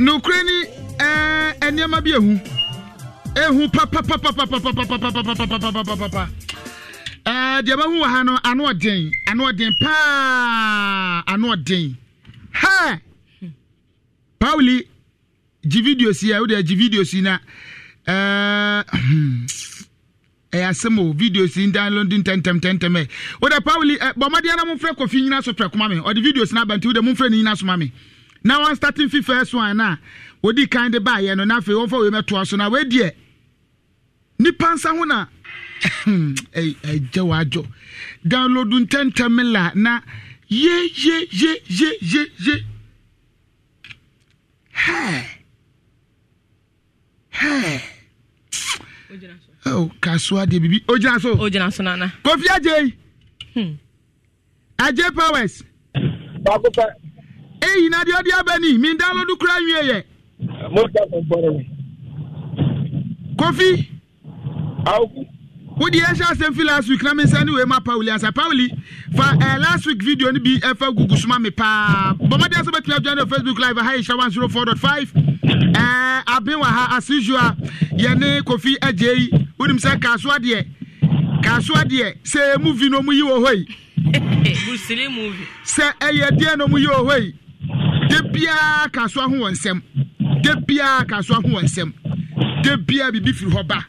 nukuri ni ɛɛ nneɛma bi ehu ehu papapapapapapapapapapapapapa. Eh, deɛ bɛhu wɔ ha no ano ɔden ano ɔden paa ano ɔden ha pauli gye video si a wode agye video si na eh, hmm, ɛyɛ asɛm o video si download ntɛntɛm tɛntɛm ɛ eh. wode pauli bɔ mmɔdeɛ na momfrɛ kɔfi nyina so prɛkoma me ɔde videos no aba nti wode momfrɛ no nyina so ma me na wɔn starting fifa first one na wodi kan de baayɛ no na afei wɔmfa wei mɛtoa so na wei deɛ nipa nsa ho na ɛgya wadwo download ntɛntɛm la na ye ye ye ye ye ye hɛ hɛ oh kasuwa de bibi o gyina so o gyina so nana kofi agye hmm. yi powers baako pɛ eyi na deɛ ɔde abɛ ni mi download kura nwie yɛ mo ta kofi wodi ɛhyɛ asɛm fi last week na me nsa wei ma pauli asa pauli fa uh, last week video no bi ɛfa eh, gugu soma me paa bɔmmɔde asɛ bɛtumi adwa ne facebook live ha ɛhyɛ 104.5 uh, aben wɔ ha as usual yɛne kofi agye yi wonim sɛ kaasoa deɛ kaasoa deɛ sɛ ɛyɛ movie no mu yi wɔ hɔ yi sɛ ɛyɛ deɛ no mu yi wɔ hɔ yi da biara kaasoa ho wɔ nsɛm da biara ho wɔ nsɛm da biribi firi hɔ ba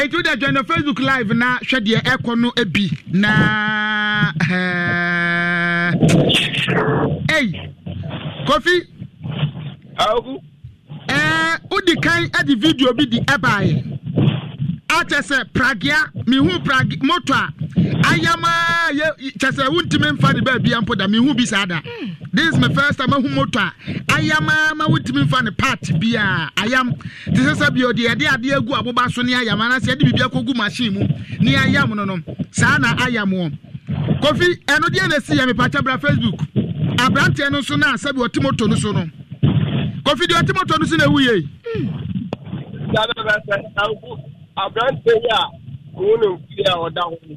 ɛnti wode adwane facebook live na hwɛ deɛ ɛkɔ no bi na ei kofi wodi kan de video bi de ɛbaeɛ akyɛ sɛ pragea mehu moto a ayama yɛ kyɛ sɛ wontumi mfa ne baabia mpo da mehu bi saa da hmm. this is my first time ahu moto a ayama ma wontumi mfa ne part biaa ayam te sɛ sɛ bio deɛ yɛde adeɛ agu aboba so ne ayam anasɛ yɛde biribia kɔgu machine mu ne ayam no no saa na ayam wɔ kofi ɛno deɛ na ɛsi yɛ mepakyɛ bra facebook aberanteɛ no nso no a sɛbi ɔte moto no so no kofi deɛ ɔte moto no so na ɛwu yei hmm. aberanteɛ yi a ɔwo ne mfiri a ɔda ho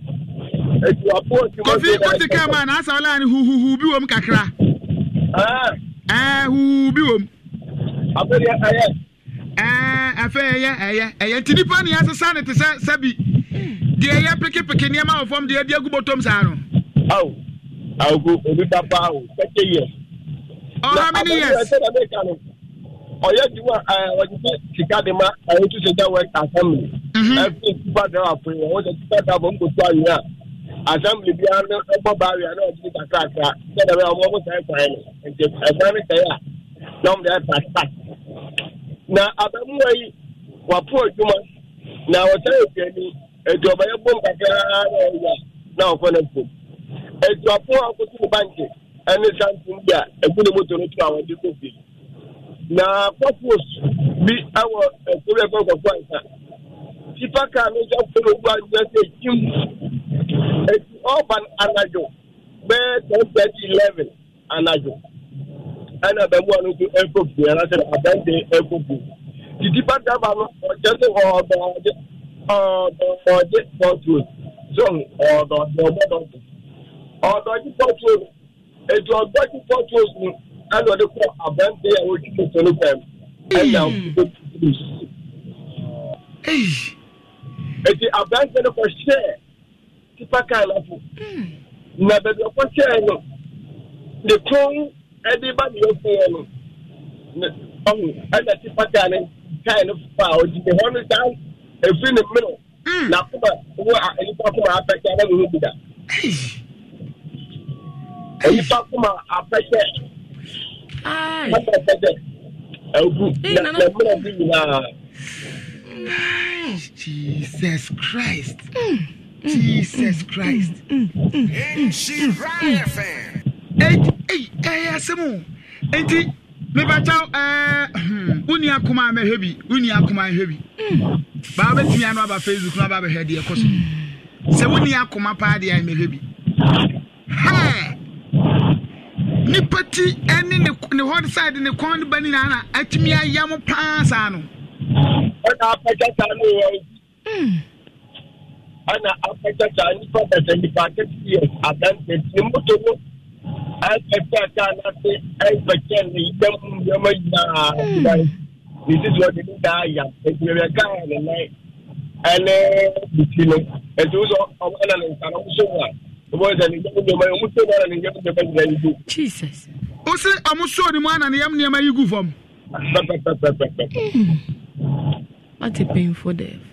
kofi kosi kama na asa ọla ni huhuhu bi wom kakra ɛɛ huhu bi wom. afɛn ɛyɛ. ɛɛ afɛn ɛyɛ ɛyɛ ɛyɛ ti nipa ni asesa ni ti sɛ sɛbi deɛ eh, ɛyɛ pikipiki nneɛma wɔ fam deɛ ɛdi egu eh, eh, bɔtɔm saa no. awo awo obi ba ba awo kɛkɛ yɛ. ɔha oh, mi ni yɛs. ɔyɛ di wa ɛɛ ɔdi sɛ sika de ma ɛyɛ tu sɛ ɛdi awɔ ɛka asɛm mi. ɛfi ti ba da wa fo yi wɔn sɛ ti ba da bɔ nkoto anyi a assembly bi ano ɛbɔ baari ano ɔdi kakraka sɛ dɛbɛ ɔmo ɔmo sɛ ɛkwan no nti ɛkwan no sɛɛ a na ɔmo de ɛpa tax na abamuwa yi wapo adwuma na wɔsɛ eduani edu ɔbɛyɛ bom kakraa na ɔyɛ na ɔkɔ ne fom edu apo a ɔkɔsi ne banki ɛne santen bi a egu ne moto no to a wɔde kɔ fie na kɔpos bi ɛwɔ ɛkuru ɛkɔ kɔkɔ ansa tipa kaa no nso afɔ ne gu ansa sɛ ekyim. It's urban anajo bẹ́ẹ̀ ten thirty eleven anajo ɛna bɛn mu a no so ɛkɔ bu ɛna sɛ abɛnte ɛkɔ bu didiba daba no ɔkyɛ sɛ ɔdɔ ɔde ɔdɔ ɔde pɔtro zɔn ɔdɔ ɔdɔ ɔbɔdɔ ɔdɔ ɔde pɔtro etu ɔdɔ ɔde pɔtro no ɛna ɔde kɔ abɛnte a wɔtwi to so no pɛm ɛna ɔde pɔtro eti abɛnte no kɔ hyɛ sisa kaa na po na baabi ɔkɔkyɛɛ no ne kɔn ɛde ba deɛ ɔkɔɛ no ne ɔmo ɛna sisa kaa ne kaa ne fa a ɔdi ne hɔ no saa efiri ne mmerɛ na akoma wo a nipa akoma apɛkyɛ ɛna ne ho bi da nipa akoma apɛkyɛ ɛna apɛkyɛ ɛgu na ne mmerɛ bi nyinaa jesus christ. Mm jesus mm, mm, christ. nhyira fm. eyi ɛyɛ asɛm o nti mipata ɛɛ wuni akoma mɛhɛ bi wuni akoma mɛhɛ bi mm. baa bɛ tumi aba facebook na aba bɛhɛ deɛ kɔ so sɛ wuni akoma paa deɛ mɛhɛ bi nipa ti ɛne ne ne hɔ side ne kɔn ne ba ne nana atumi eh, ayam paa saa no. ɛna apɛkyɛ saa no wɔ ana akɛkyɛkyɛ nipa kɛkɛ nipa kɛkɛ years adanse ne moto no akɛkyɛ kaa n'ase ɛnkɛkyɛ ne yɛm nneɛma nyinaa ɛdan ne sisi hɔ ne da ayam ekunyeɛ kaa ne nan ɛne ne ti no etu sɛ ɔmo ɛna ne nsa ɔmo so wa ɔmo ɛsɛ ne yɛm nneɛma ɔmo so na ɛna ne yɛm nneɛma yi gu. jesus. o se ɔmo so ni mu ana ne yɛm nneɛma yi gu fam. pɛpɛpɛpɛpɛ. Hmm. what a painful death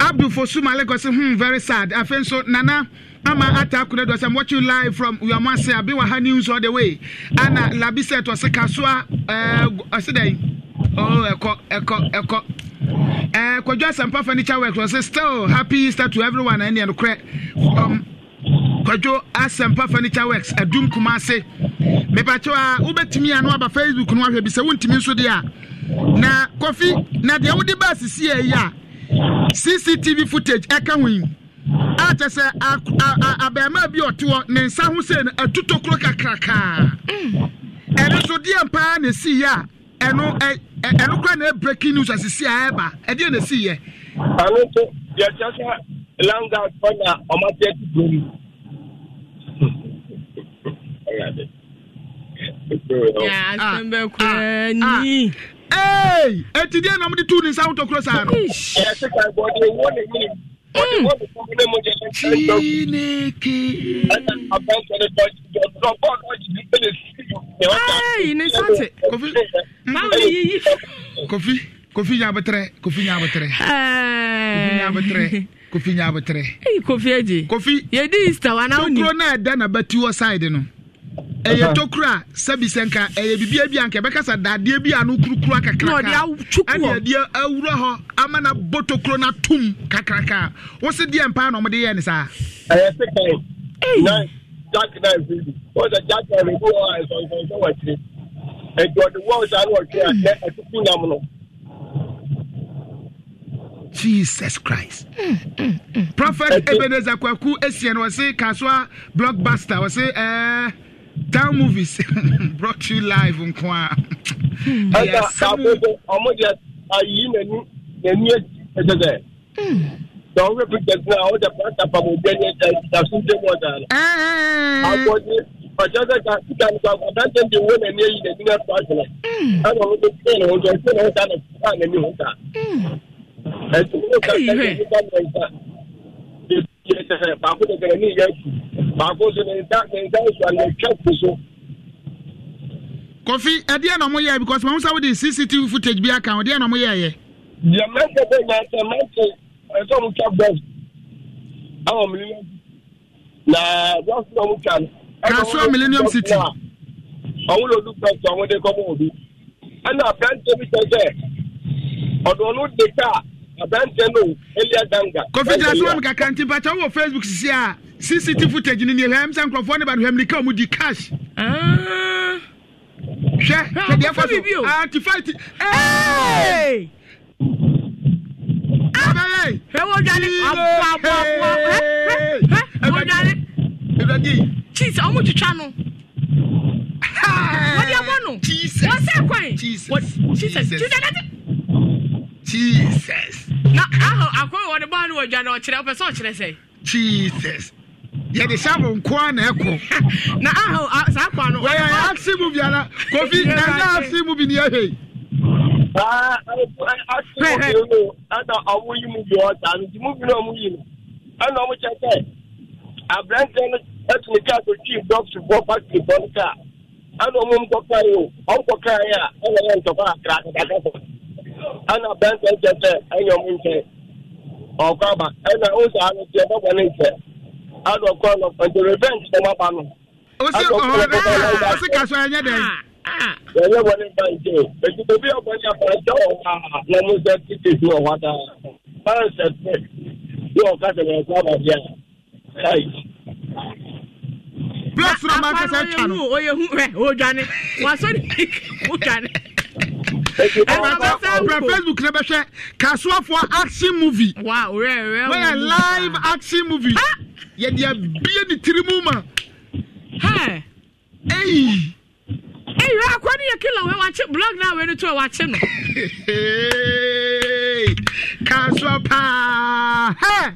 abdul fosuma lagos hmm, very sad afei nso nana ama ata akuna do sɛ watching live from uamase abiwa ha news all the way ana labisɛ to sɛ kasoa ɔse uh, eh, dɛn oh, ɛkɔ ɛkɔ ɛkɔ uh, kwadwo asampa furniture work wɔ sɛ still happy easter to everyone ɛne eh, ɛnokorɛ um, kwadwo asampa furniture works adum kumase mepatwɛ a ah, wobɛtumi a no aba facebook no ahwɛ bi sɛ wontumi nso deɛ a ah na kofi na deɛ wode ba asisi yɛ a cctv footage ɛka ho yi a kyɛ sɛ abɛɛma bi ɔtoɔ ne nsa ho sei no atuto kakrakaa ɛno nso deɛ mpaa na ɛsii a ɛno ɛno kora na ɛbreaking news asisi a ɛba ɛdeɛ na ɛsiiɛ ano nso yɛkyɛ sɛ langas fɔ na Yeah, I'm back. Hey, eti di na mudi tu ni sa utokro sa no. Chineke. Mm. Hey, ne sate. Kofi. Mawo ni yi. Kofi, kofi nya betre, kofi nya betre. Kofi nya betre. Kofi nya betre. Hey, kofi aje. Kofi. Ye di Easter wana oni. Tokro na da na batu side no ɛyɛ tokura sɛbi sɛ nka ɛyɛ bibia bi a nka ɛbɛkasa dadeɛ bi a no kurukuru akakraka ɛne ɛdeɛ awura hɔ ama na bɔ tokuro no atom kakraka wose deɛ mpaa na ɔmode yɛ ne saa ɛyɛ sekan jack nine baby wọn sɛ jack nine ebi wɔ ɛsɔnsɔnsɔ wɔ akyire ɛdi ɔdi wɔn sa ni ɔtwe akyɛ ɛtutu nam no. jesus christ prophet ebenezer kwaku esien wɔsi kasuwa blockbuster wɔsi ɛɛ. Uh, Star Movies brought you live nko a. Ẹja àbúrò ọmọ jẹ ayi n'ani n'ani ẹjẹjẹ. Dọ̀wọ́ rẹ̀ píkẹ́tì náà ọ̀dẹ̀ pàtàkì pàmò bí ẹni ẹja ìdásùn dé wọ̀ dáadáa. Àgbọ̀dé ọ̀jọ́sẹ̀ ká síta nípa ọ̀dájẹ́ ń di owó n'ani ẹ̀yìn n'ani náà tó àṣẹlẹ̀. Ẹ̀rọ ọ̀hún tó kí ẹ̀rọ ọ̀jọ́ ìṣẹ́ náà ń ta yɛ tɛfɛ baako de kɛlɛ ni yɛ ku baako so ne nta ne nta esu ale twɛ ku so. kofi ɛdeɛ na ɔmo yɛ because wɔn nsa wɔde cctv footage bi aka ɔdeɛ na ɔmo yɛ yɛ. deɛ mɛnti bɛ nya sɛ mɛnti ɛsɛ ɔmo twa bɛs ɛwɔ millennium na bɛs na ɔmo twa no. kaso millennium city. ɔmo lɛ olu bɛs ɔmo de kɔmɔ obi ɛna abirante bi sɛ sɛ ɔdɔn de kaa adanteɛ no elia danga. kofi jira sọ wọn kakra nti mpata wọ facebook sisi a cct footage ni ni ɛhɛm sɛ nkurɔfoɔ ne ba no hɛm ni ka wɔn di cash. Ah. hwɛ hwɛ deɛ fa so anti ah, fight. Ah! abẹ́rẹ́ ewo dwale abo abo abo hɛ hɛ ewo dwale. cheese ɔmu twitwa no. wọ́n di ẹbọ nù wọ́n sẹ́kọ̀ọ́ yìí jesus jesus jesus jesus jesus. na ahọ akọwé wọn bá ní ọjà náà ọkyerẹ ọpẹ sọ ọkyerẹ sẹ. jesus yɛde hyɛbo nkoa na ɛkɔ na ahɔ saa kwan no. wɔyɛ aksi mu biara kofi na ɛna aksi mu bi ni ɛhɛ. Ah, aksi mu bi no ɛna ɔmo yi mu bi ɔta no ti mu bi na ɔmo yi no ɛna ɔmo kyɛ sɛ aberanteɛ no ɛtu ne kaa so twi dɔkta bɔ fakiri bɔ ne kaa ɛna o ɔmo kɔ kaa yi a ana abɛnta nkyɛ sɛ ɛnyɛ ọkaba nkyɛ ɔkɔ aba ɛna ɔsɛ ano tiɛ bɛbɔ ne nkyɛ ano ɔkɔ no revenge na ɔmo aba no. osi ɔhɔn ɛɛ kasọ kaso ɛnyɛ dɛ. ɛnyɛ wɔn ne ba nkyɛ eti obi ɔbɔ ne afɔlɔ kyɛ wɔ a na mo sɛ titi fi wɔ hɔ daa ɔyɛ sɛ tɛ ne ɔka sɛ ɛyɛ kɔ aba bia ayi. Bless Roman Cassandra. Oh, you, oh, you, oh, Johnny. What's on? Oh, Johnny. ɛnana sɛ brɛ facebook na bɛhwɛ kasoafoɔ action movie wɔyɛ live action movie yɛde abie ne tiri mu ma ɛyi ɛyɛ akɔ ne yɛ kilo wɛ wakye blog na wɛne to wakye no kasoa paa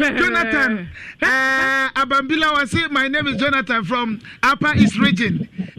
jonathan uh, abambila wase my name is jonathan from upper east region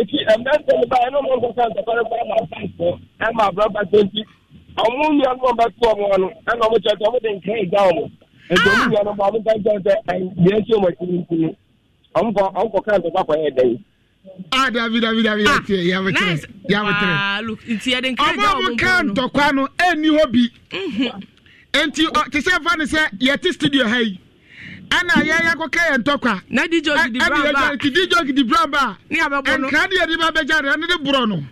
eti ɛmɛnta ni ba ɛnu mu nkɔsa ntɔkɔrɔ kura ma ba nfɔ ɛma abalaba twenty ɔmu nua no ɔba tu ɔmu ɔno ɛna ɔmu kyerɛ sɛ ɔmu de nkira ɛga ɔmu eti ɔmu nua no ba ɔmu kan kyerɛ sɛ ɛyɛ esi ɔmu akyi nkunu ɔmu kɔ ɔmu kɔ kan ntɔkɔ akɔ yɛ dɛyi. Ah, David, David, David, ah, yeah, yeah, nice. yeah, wow, look, it's here. Ọmọ mu kan tọkwa no, ẹni hó bi. Nti, ọ ti sẹ́ fani sẹ́, yẹ ti studio ha ana yɛ yɛ yɛ ntɔkwa. na di yɛ di jɔki di a bɛ mba yɛ di ba bɛ ja de burɔ no.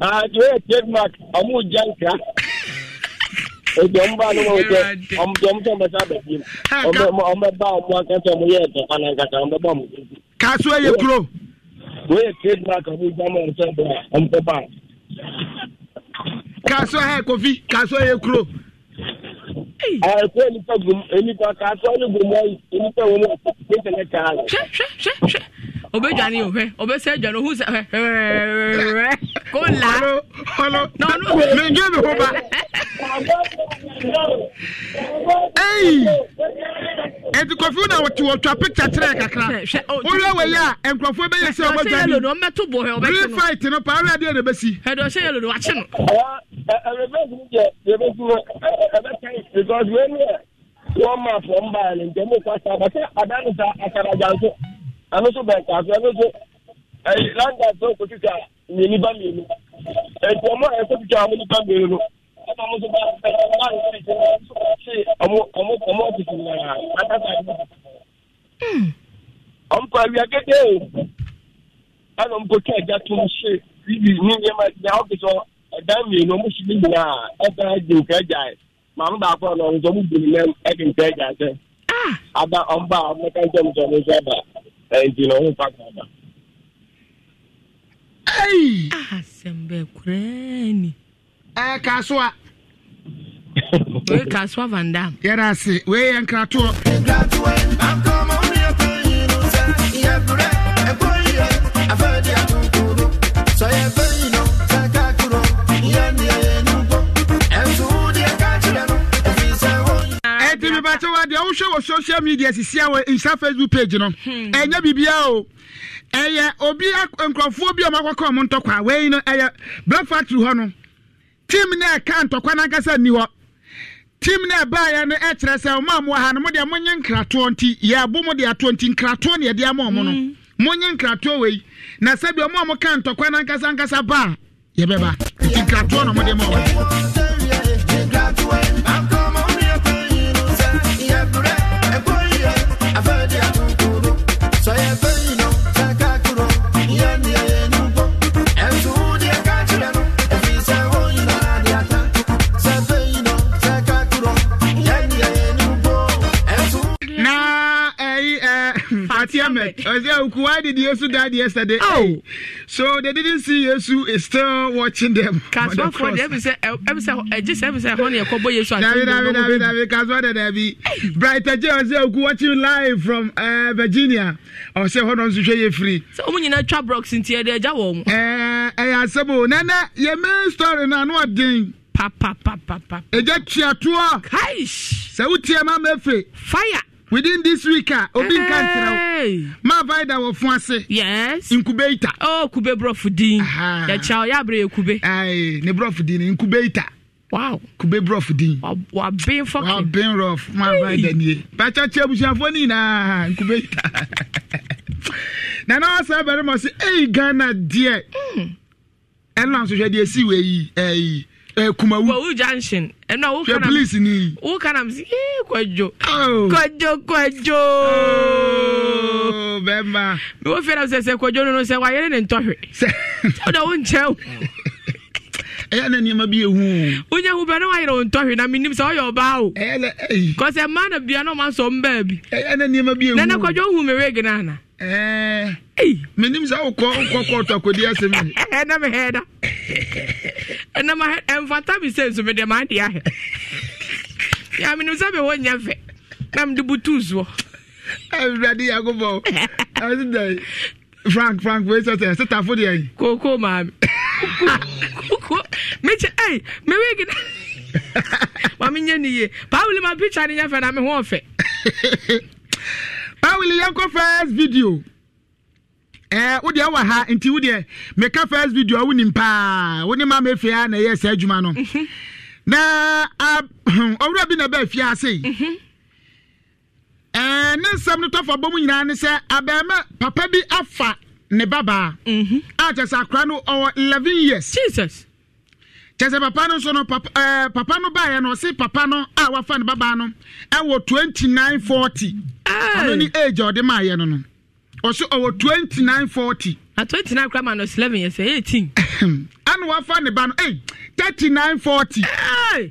aa tí yɛ ɔmu ni mo jɛ ɔmu jɔn tɛ mɛ di ɔmɛ ba ɔmu yɛ nkata ɔmɛ ba yɛ kuro. yɛ ɔmu ɔmu tɛ ba yɛ kofi yɛ ɛkó eh, nipa gum nipa kaatɔ ne gum ayi nipa wɔn a pɛtɛ ne kaa obedwane ohwɛ obɛsɛ adwane ohu sɛ hwɛhwɛhwɛ kola ɔno mendwe me ho ba ei ɛnti kɔfiw na wɔte wɔtwa picture kyerɛ kakra wohwɛ wɔyɛ a nkurɔfoɔ bɛyɛ sɛ ɔbɛdwanebere fight no paa wɛ adeɛ na ɛbɛsi ɛdɔhyɛ yɛlo no wakye no because wɛni ɛ wɔn ma fɔm baa ne ntɛmu kɔ sa bɛsɛ adanisa akarajanso ɛno nso bɛn kaase ɛno nso ɛyi eh, landa sɛ ɔkɔ titwa ne nipa mmienu nti ɔmo a ɛsɛ titwa ɔmo nipa mmienu no ɛna ɔmo nso ba ɛna ɔmo ayɛ titi na ɔmo se ɔmo ɔmo ɔmo titi na akasa ɔmo kɔ awia gɛgɛ o ɛna ɔmo kɔ twɛ ɛgya tom se bibi ne nneɛma na ɔkè sɛ ɛdan mmienu ɔmo si ne nyinaa ɛka di nkɛ gya yɛ maame baako na ɔmo nso ɔmo bu ne nan ɛdi nkɛ gya sɛ ada ɔmo ba ɔmo kɛntɛn nso ɔmo nso ɛba nti na ɔmo paaki aba. asɛmbɛkurɛni. Ah, ɛ eh, kasuwa. wei kasuwa van dam. yɛrɛ ase wei yɛ nkratoɔ. nkratoɔ nkɔmɔ mebakyɛ wa deɛ wohwɛ wɔ social media sisi a nsa facebook page no hmm. ɛnyɛ biribiaa o ɛyɛ obi nkurɔfoɔ bi a ɔmakɔka ɔmo ntɔkwa wei no ɛyɛ black factory hɔ no team no ɛka ntɔkwa no ankasa nni team no ɛbaeɛ no ɛkyerɛ sɛ ɔma a mowɔ ha no modeɛ monyɛ nkratoɔ nti yɛabo mo de atoɔ nti nkratoɔ ne yɛde ama ɔmo no hmm. monyɛ nkratoɔ wei na sɛbi ɔmo a moka ntɔkwa no ankasa ankasa ba a yɛbɛba nti nkratoɔ no mode ma ɔmo Ozia Uku, why did Yesu die yesterday? Oh, so they didn't see Yesu is still watching them. Kaswa the for them is a just every say honey a kobo Yesu. David, David, David, David, Kaswa de David. Bright J Ozia oh, Uku watching live from uh, Virginia. Or say hold on to show free. So when you not trap rocks in here, they're jaw. Eh, I say, Sabo, Nana, your main story now, what no ding. Papa, papa, papa. Eject your tour. Kaish. Say, what tear my fire? within this week a ah, obi nka nkyerɛ wo ma da wɔ fo ase yes incubator oh kube brɔfo din yɛkyɛ yɛ aberɛ yɛ kube ai ne brɔfo din incubator wow kube brɔfo din waben fɔkin waben rɔf ma vaida nie bakyakye abusuafoɔ ne nyinaa incubator nana ɔsɛ bɛrɛ mɔ se ei ghana deɛ ɛno mm. na nsohwɛ deɛ si wei ɛyi Eh, kumawu kumawu junction ɛnna eh, wo kana polisi ni wo kana mi si ee eh, kɔjo oh. kɔjo kɔjo oh, bɛnba mi wo fɛrɛ sɛ sɛ kɔjo ninnu sɛ wa yɛrɛ ni ntɔhwe sɛ o da o nkyɛn o ɛyɛ na nneɛma bi ehu o nya hu bɛ ne wa yɛrɛ o ntɔhwe na mi nim sɛ ɔyɛ ɔbaa o ɛyɛ na ɛyi kɔsɛ mmaa na bia na ɔma sɔ n bɛɛ bi ɛyɛ na nneɛma bi ehu nana kɔjo hu mi wege na ana ɛɛ menim sɛ wokɔ wokɔ kɔɔtɔ akɔdi asɛm ɛɛ na mi hɛɛ da. ɛnam ɛmfata mi sɛ nso mede maade ahɛ yɛamenem sɛ mewɔ nyɛ fɛ na mede butu soɔ awurade yankopɔn ɛse dɛ frank frank wei sɛ sɛ setafo deɛ koko maame koko mekyɛ ei mewege mamenyɛ ne ye paawole ma picture ne nyɛ fɛ na me ho ɔfɛ paawole yɛnkɔ first video Eh, wodeɛ wɔ ha nti wodeɛ meka first video a wonim paa wone ma mɛfie a na ɛyɛ saa adwuma no mhm. na ɔwura bi na ɛbɛ afie ase mhm. eh, ne nsɛm no tɔfa bɔ mu nyinaa ne sɛ abɛɛma papa bi afa ne babaa mhm. a kyɛ sɛ akora no ɔwɔ eleven years Jesus. kyɛ sɛ papa no nso no eh, papa no baeɛ no ɔse papa no a wafa ne babaa no ɛwɔ forty. ɔno ne age a ɔde maayɛ no no ɔso ɔwɔ twenty nine forty. na twenty nine kura minus eleven yɛ eh, eighteen. ɛna wafa ne ba no ee eh, thirty nine forty. ee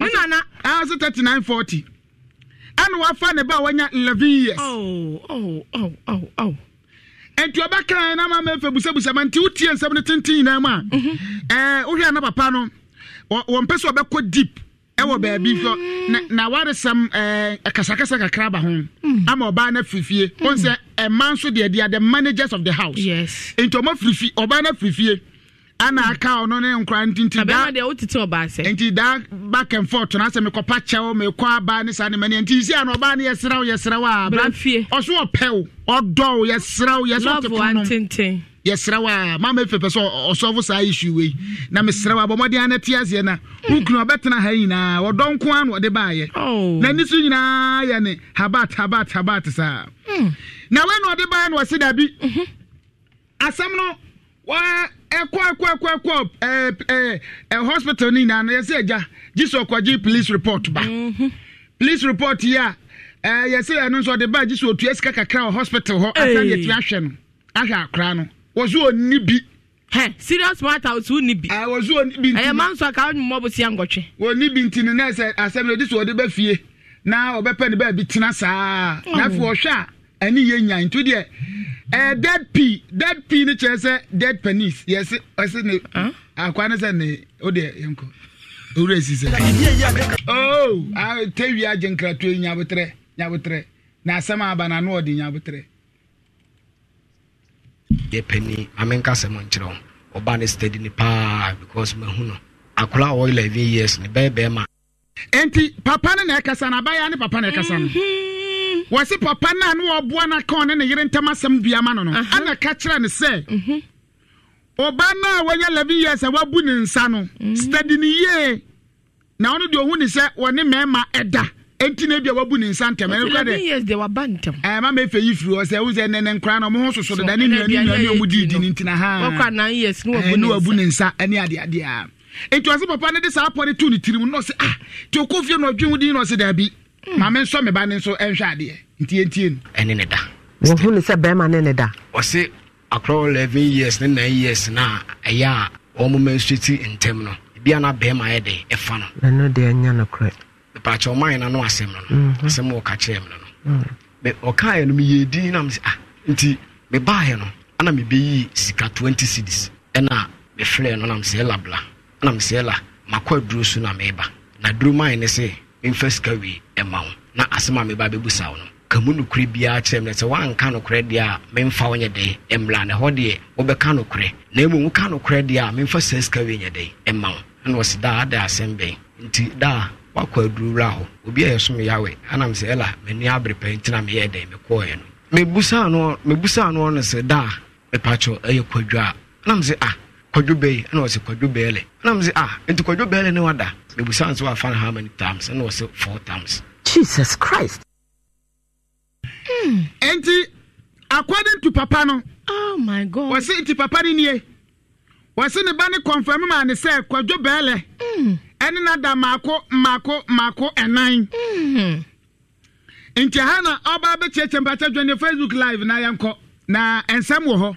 ne nana. ɛna so thirty nine forty. ɛna wafa ne ba a wanya eleven years. ɔwɔ ɔwɔ ɔwɔ ɔwɔ ɔwɔ. nti ɔbɛ kan na ma ma fɛ busabusa ma nti wotie nsɛm ne tenten nyinaa mu a. ɛɛ mhm. eh, wohwɛ na papa no wɔn pɛ sɛ ɔbɛkɔ deep ɛwɔ baabi fɔ na na waresɛm eh, ɛɛ kakra ba ho hmm. ama ɔbaa na firifie wɔn sɛ hmm. ɛmaa nso deɛ deɛ the managers of the house yes nti ɔmo firifie ɔbaa na firifie ana hmm. aka ɔno ne nkora ntinti daa abɛɛma deɛ otete ɔbaa sɛ nti daa back and forth na sɛ mekɔpa kyɛw mekɔ abaa ne saa ne mɛ ne nti si ano ɔbaa ne yɛsrɛw yɛsrɛw a abira fie ɔso ɔpɛw ɔdɔw yɛsrɛw yɛsrɛw te yɛsrɛ a mama fɛpɛ sɛ ɔsɔfo saa issue wei na mesrɛ wo abɔmmɔden ana te aseɛ na wonkunu mm. ɔbɛtena ha nyinaa wɔdɔ nko a na ɔde baayɛ oh. na so nyinaa yɛ ne habat habat habat saa mm. na wei na ɔde baayɛ na ɔse dabi mhm. asɛm no wa hospital ni nyinaa no yɛsɛ ɛgya jisɔ kɔgye police report ba mhm. police report yi a yɛsɛ ɛno nso ɔde baa jisɔ otua sika kakra wɔ hospital hɔ asan yɛtumi ahwɛ no ahwɛ akora no wɔso ɔnni bi hɛ serious matter wɔso ɔnni bi ɛɛ ah, wɔso ɔnni bi nti ɛyɛ man so a kaa ɔnyuma bɔ si angɔtwe ɔnni bi nti ne na ɛsɛ asɛm de ɔde so bɛ fie na ɔbɛpɛ ne baabi tena saa n'afɔ ɔhwɛ a ɛne yɛ nya nto deɛ ɛɛ dead pee, dead pee ni kyerɛ sɛ dead penis yɛsi ɔsi ne akwa ne sɛ ne o deɛ yɛn kɔ owurɛ si sɛ ooo oh, tewia gye nkrataa nyabotrɛ nyabotrɛ na asɛm aba na ano ɔde nyabotrɛ deɛ pani amenka sɛm nkyerɛ wo ɔba ne stadi ne paa because mahu no akora a wɔyɛ 11 years ne bɛyɛ bɛɛma enti papa no na ɛkasa no abayɛ ne papa mm-hmm. na ɛkasa no wɔse papa no a ne wɔboa no ka ɔne ne yere ntam asɛm biama no no ana ka kyerɛ no sɛ ɔba no a wanya 11 years a wabu ne nsa no mm-hmm. stadi ne yie na ɔno deɛ ɔhu ne sɛ wɔne mmarima ɛda enti na bi a wabu ne nsa ntɛm ɛnɛ kura dɛ ɛɛ mama efe yi firi hɔ sɛ ɛwɔ sɛ nɛnɛ nkura na ɔmo ho soso dada ne nua ne nua ne ɔmo di di ne ntina ha ɛɛ ne wabu ne nsa ɛne ade ade a etu ase papa ne de saa apɔ ne tu ne tiri mu na ɔsɛ ah te okɔ fie na ɔdwi ho din na ɔsɛ dabi hmm. maame nsɔ me ba ne nso ɛnhwɛ adeɛ ntie ntie no. ɛne ne da. wɔn ho ne sɛ bɛrima ne ne da. ɔse akɔrɔ eleven years ne nine years na ɛyɛ a wɔn mo ma nsuo ti ntɛm no ebi a na bɛrima yɛ de ɛfa no. ɛno deɛ ɛnya no korɛ. pàtó ọmọ nanu asẹm no asẹm ọka kyerẹ mi no mẹ ọka yẹn no mi mhm. mm. edin na mi ah nti mi baa yẹn no ẹna mi yi sika twenty cedis ɛna mi no na mi sẹ ẹla bla ẹna na mi ba na duro ma yẹn mi sika wi na asẹm a mi ba no nukuri biara na ɛhɔ deɛ wobɛka nukuri na emu nukuri deɛ a sɛ sika wi nyɛ wakɔ adurura hɔ obi a yɛsom yawe anam sɛ ɛla m'ani abere pɛ ntina meyɛ dɛn mekɔɔɛ no mebusaa no no ɔno sɛ daa mepakyɛ ɛyɛ kwadwo a anam sɛ ah kwadwo bɛyi ɛna wɔsɛ kwadwo bɛɛlɛ anam sɛ ah nti kwadwo bɛɛlɛ ne wada mebusaa nso wafa no how times ɛna wɔsɛ four times jesus christ mm. enti according to papa no oh my god wɔse nti papa no nie wɔse ne ba ne confirm ma ne sɛ kwadwo bɛɛlɛ hmm. ɛne na mako mako mako ɛnan mm-hmm. nti ha na ɔba bɛkyerɛkyerɛ mpakyɛ dwane facebook live na yɛnkɔ na nsɛm wɔ hɔ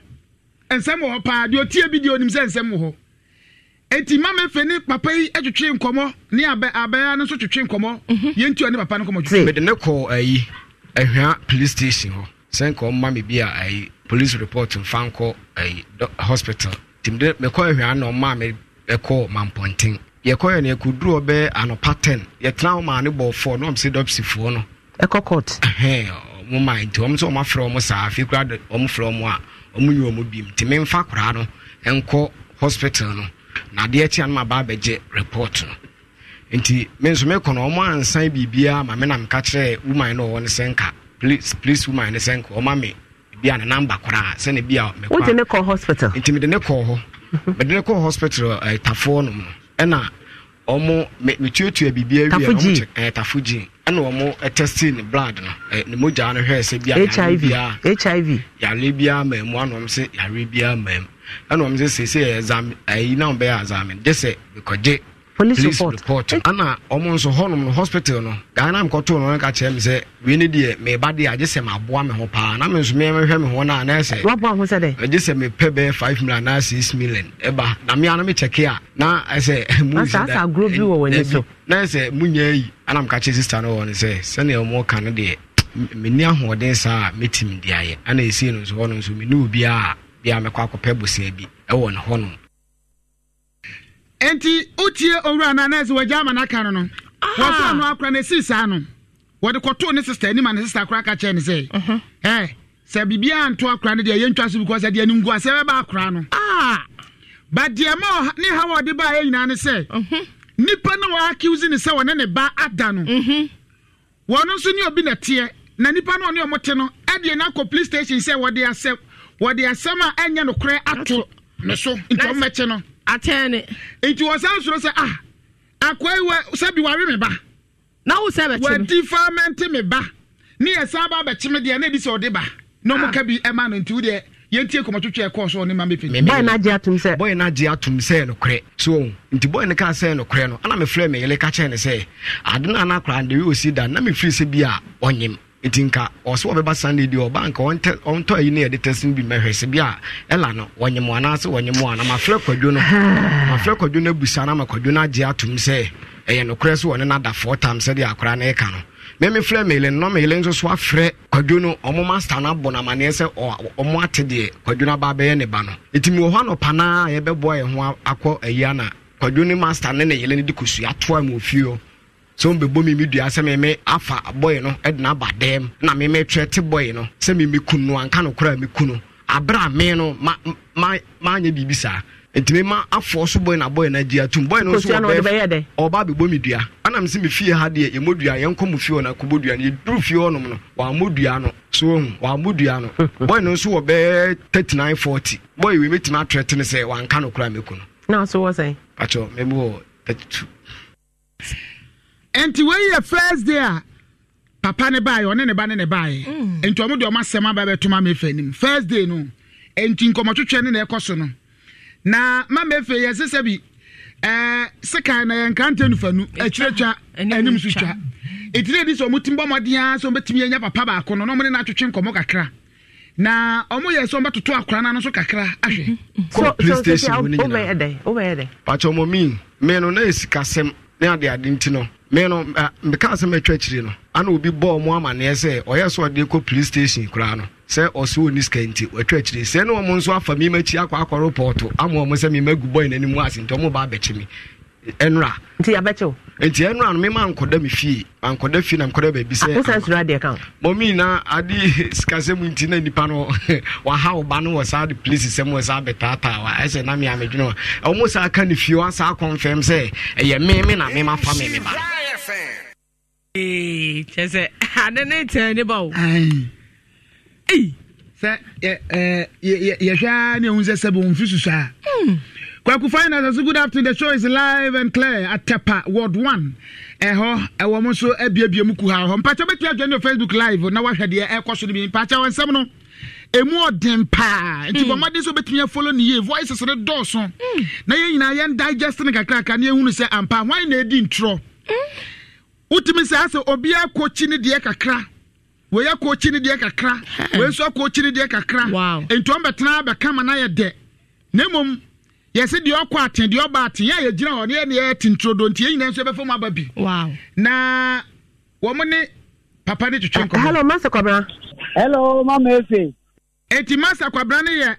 nsɛm wɔ hɔ paa deɛ ɔtie bi deɛ onim sɛ nsɛm wɔ hɔ eti mama efe ne papa yi atwitwe nkɔmɔ ne abɛ abɛya no nso twitwe nkɔmɔ mm-hmm. yɛntu ɔne papa no nkɔmɔ twitwe. mede ne kɔ ayi eh, ahwia police station hɔ sɛ nka ɔma mi bi a ayi eh, police report nfa nkɔ ayi eh, hospital tìmide mi ɛkɔ mampɔnten. yɛkɔyɛ no yɛkɔduru ɔbɛ anɔpa ten yɛtena wo maa ne bɔɔfoɔ na dɔpsifoɔ no ɛkɔ mo ma nti ɔm sɛ saa afei kora ɔm frɛ ɔm a ɔm ɔm bim nti memfa koraa no ɛnkɔ hospital no na adeɛ kyia no mabaa bɛgye report no nti me nso mekɔ no ansan biribiaa ma me kyerɛ woman nka please please woman no nka ɔma me bia ne namba koraa sɛne bia ɔmo metuatua biribi awie ɔmo tafo gin ɛna ɔmo testi blood no eh, ne mogya no hwɛ sɛ bia hiv hiv yare biara ma mu ana ɔmo sɛ yare biara ma ɛna ɔmo sɛ sɛ ɛyɛ exam ɛyi na ɔmo bɛyɛ exam de sɛ mekɔgye police report eh? ana ɔmo nso hɔnom no hospital no ghana mkɔtoo no ka kyerɛ me sɛ wei ne deɛ meba deɛ agye sɛ maboa me ho paa na me nso mehwɛ me ho no anaasɛ agye sɛ mepɛ bɛɛ 5 million na 6 million ɛba na mea no mekyɛke a na ɛsɛ na ɛsɛ munya yi ana mka kyerɛ sister no wɔ no sɛ sɛnea ɔmɔka no deɛ menni ahoɔden saa a mɛtumi de ayɛ ana ɛsii no nso hɔ no nso mene obiaa bia mɛkɔ akɔpɛ bosia bi ɛwɔ ne hɔnom nti wotie owura no anaa sɛ wɔagya ama no aka no no wɔfa no akora no ɛsii saa no wɔde kɔtoo ne sister anim a ne sister akora ka kyerɛ ne sɛ ɛ sɛ biribiaa nto akora no deɛ yɛntwa so bikɔ sɛ deɛ animgu asɛ bɛba akora no but deɛ ma ne ha wɔde baa ɛ nyinaa ne sɛ mhm. nipa no wɔakiwsi ne sɛ wɔne ne ba ada no mhm. wɔno nso ne obi nɛteɛ na nipa e na ɔne ɔmote no ɛdeɛ no akɔ police station sɛ wɔde asɛm wɔde asɛm a ɛnyɛ nokorɛ ato ne so nti ɔmmɛkye no atɛne nti wɔ san soro sɛ ah sɛbi ba na wo sɛ bɛkyɛ wadi fa me ba ni yɛ san ba me deɛ na sɛ ba na ɔmo ah. bi ɛma nti wo deɛ yɛntie kɔmɔtwitwi ɛkɔɔ so ɔne ma mɛfi bɔyɛ no agye atom sɛ bɔyɛ no so nti bɔyɛ no kaa sɛ no ana mefrɛ me yele ka kyɛɛ ne sɛ da na nti nka ɔsɛ wɔbɛba sunday deɛ ɔba nka ɔntɔ ayi no yɛde testing bi mɛhwɛ sɛ bi a ɛla no wɔnye anaasɛ wɔnye a na mafrɛ kwadwo no mafrɛ kwadwo no abusa na ma kwadwo no agye atom sɛ ɛyɛ nokorɛ sɛ wɔne no ada foɔ tam sɛdeɛ akora no ɛka no mɛmi frɛ mele nnɔ mele nso so afrɛ kwadwo no ɔmo master no abɔ no amanneɛ sɛ ɔmo ate deɛ kwadwo no aba bɛyɛ ne ba no ɛtumi wɔ hɔ anɔpa naa yɛbɛboa yɛn ho akɔ ayi ana kwadwo no master ne ne yele no de kɔsua toa mu ofie sɛ wɔmbɛbɔ mimi medua sɛ meme afa bɔe no ɛde no dɛm na memetwerɛ te bɔe no sɛ memeku no anka no koraa meku no aberɛ ma ma no maanyɛ biribi saa ntumi ma afɔ so bɔyi na bɔyi na gyi atum bɔyi no nso ɔbɛ ɔba bɛbɔ mi dua ana misi mi fie ha deɛ yɛ mo dua yɛn kɔ mo fie hɔ na kɔ bɔ dua no yɛduru fie hɔnom no wɔn mo dua no so ohun wɔn dua no bɔyi no nso ɔbɛ thirty nine forty bɔyi wei mi tuma atwerɛ tene sɛ wɔn anka no na so wɔ sɛn. akyɛw mɛ thirty two nti wei yɛ first day a papa ne baayɛ ɔne ne ba ne ne baayɛ mm. nti ɔmo deɛ ɔmo asɛm aba bɛtoma mefa anim first day no nti nkɔmɔtwetwe ne na ɛkɔ so no na ma mefa yɛ sɛ sɛ bi eh, sekan na yɛn kante nufa nu akyire twa anim so twa etire di sɛ ɔmo ti bɔ mɔden sɛ ɔmo anya papa baako no na ɔmo ne na atwetwe nkɔmɔ kakra na ɔmo yɛ sɛ ɔmo bɛtoto akora n'ano so kakra ahwɛ. Mm-hmm. so so so so obɛyɛ dɛ obɛyɛ dɛ. pàtó mo mi mi no na yɛ sikasɛm ne ade ade nti no me no meka sɛ mɛtwa akyire no ana obi bɔɔ mu amanneɛ sɛ ɔyɛ sɛ ɔde kɔ police station koraa no sɛ ɔsɛ ɔni sika nti watwa akyire sɛ ne ɔmo nso afa mi makyi akɔ akɔ report ama ɔmo sɛ mi magu bɔi n'anim ase nti ɔmo ba abɛkye me ɛnura nti abɛkyew nti ɛnura no mema nkɔda me fie ankɔda fie na nkɔda baabi sɛ wosan sura deɛ ka mɔmi na ade sikasɛm nti na nipa no waha wo ba no wɔ saa de place sɛm wɔ saa bɛtaataa wa ɛsɛ na mea medwene wa ɔmo saa ka ne fie wa saa kɔnfɛm sɛ ɛyɛ me me na mema fa me me ba kyɛ sɛ ade ne tɛn ne ba o sɛ yɛhwɛ a ne ɛhu sɛ sɛ bɛ ɔmfi susu a hmm kwaku finance so good afternoon the show is live and clear at atepa word one ɛhɔ ɛwɔ mo nso abiabia mu kuha hɔ mpakyɛ bɛtumi adwane wɔ facebook live na wahwɛ deɛ ɛkɔ so no bi mpakyɛ wɔ nsɛm no ɛmu ɔden paa nti hmm. bɔ mmɔden sɛ wobɛtumi afolo ne yie voices no dɔɔso hmm. na yɛn nyinaa yɛn digest no kakraka na yɛhunu sɛ ampa hwan na ɛdi ntorɔ hmm. wotumi sɛ asɛ obiaa kɔkyi ne deɛ kakra wɔyɛ kɔkyi ne deɛ kakra wɔyɛ nso akɔkyi ne deɛ kakra nti ɔmbɛtena bɛkama na yɛ dɛ na mmom yɛsɛ deɛ ɔkɔ aten deɛ ɔba aten yɛ a yɛgyina hɔ ne yɛ ne yɛte nturodo nti yɛ nyinaa nso yɛbɛfa mu aba bi na wɔn ne papa ne twetwe nkɔmɔ. hello masa kwabra. hello mama efe. eti masa kwabra ne yɛ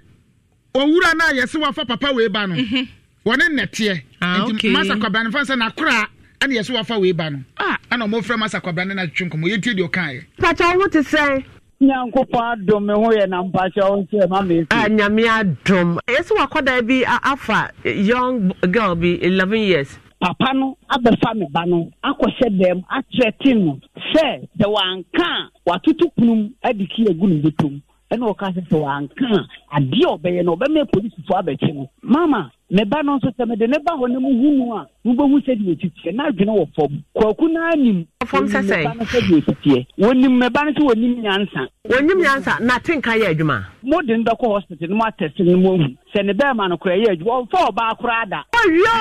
owura na yɛsɛ wafa papa wee ba no mhm. wɔne nnɛteɛ ah, nti masa kwabra ne fa sɛ n'akora ɛna yɛsɛ wafa wee ba no ah. ɛna wɔn fɛ masa kwabra ne na twetwe nkɔmɔ yɛntie deɛ ɔkan yɛ. pàtàkì wo ti sẹ́yìn. nyankopɔn adom me ho yɛ nampakyɛ wo sɛ ma me nyame adom ɛyɛ sɛ wakɔdaa bi afa young girl bi 11 years papa no abɛfa me ba no akɔhyɛ dɛm atrɛte no sɛ sɛ wanka a watoto kunum adi ki agu ne bɛtom ɛna wɔka sɛ sɛ wanka a adeɛ a ɔbɛyɛ no ɔbɛma polisifoɔ abɛkye no mama ne ba no nso sɛ mede ne ba hɔ no mu hu mu a mobɛhu sɛdeɛ ɔtitiɛ na adwene wɔ fam kwaku no anim fam sɛ sɛba no sɛdeɛ ɔtitiɛ wɔnim me ba no sɛ wɔnim nyansa wɔnim nyansa na tenka yɛ adwuma mode no bɛkɔ hospital no mu atɛse no mu ahu sɛ ne bɛɛma no koraa yɛ adwuma ɔmfa ɔbaa koraa da ɔyɔ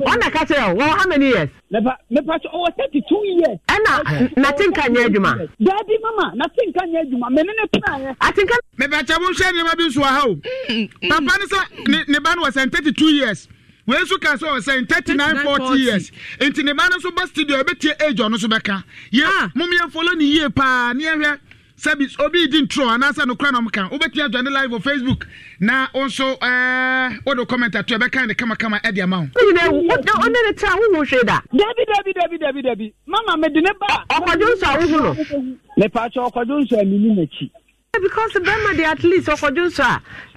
ɔna ka kyerɛ wɔ how many years mepa mepa kyɛ ɔwɔ thirty two years natenka nyɛ adwuma daabi mama natenka nyɛ adwuma mene ne eh. penaɛ atenka mebakyɛ wohwɛ nneɛma bi nso aha o papa no sɛ ne ba no wɔ sɛn 32 years wei nso ka sɛ ɔ sɛn 39 40 years nti ne ba no nso bɔ studio ɛbɛtie age ɔno so bɛka yɛ ah. momyɛmfolo ne yie paa ne yɛhwɛ sɛbi obi di ntoro anaasɛ nokora na ɔmka wobɛtumi adwane live wɔ facebook na wo nso wode comment ato ɛbɛka ne kamakama ɛde ama woɔne ne tra wohu hwee da dabi dabi dabi dabi dabi mama mede ne ba ɔkɔdwo nso a wohu no mepakyɛ ɔkɔdwo nso a menim akyi eh, because bɛma de at least ɔkɔdwo nso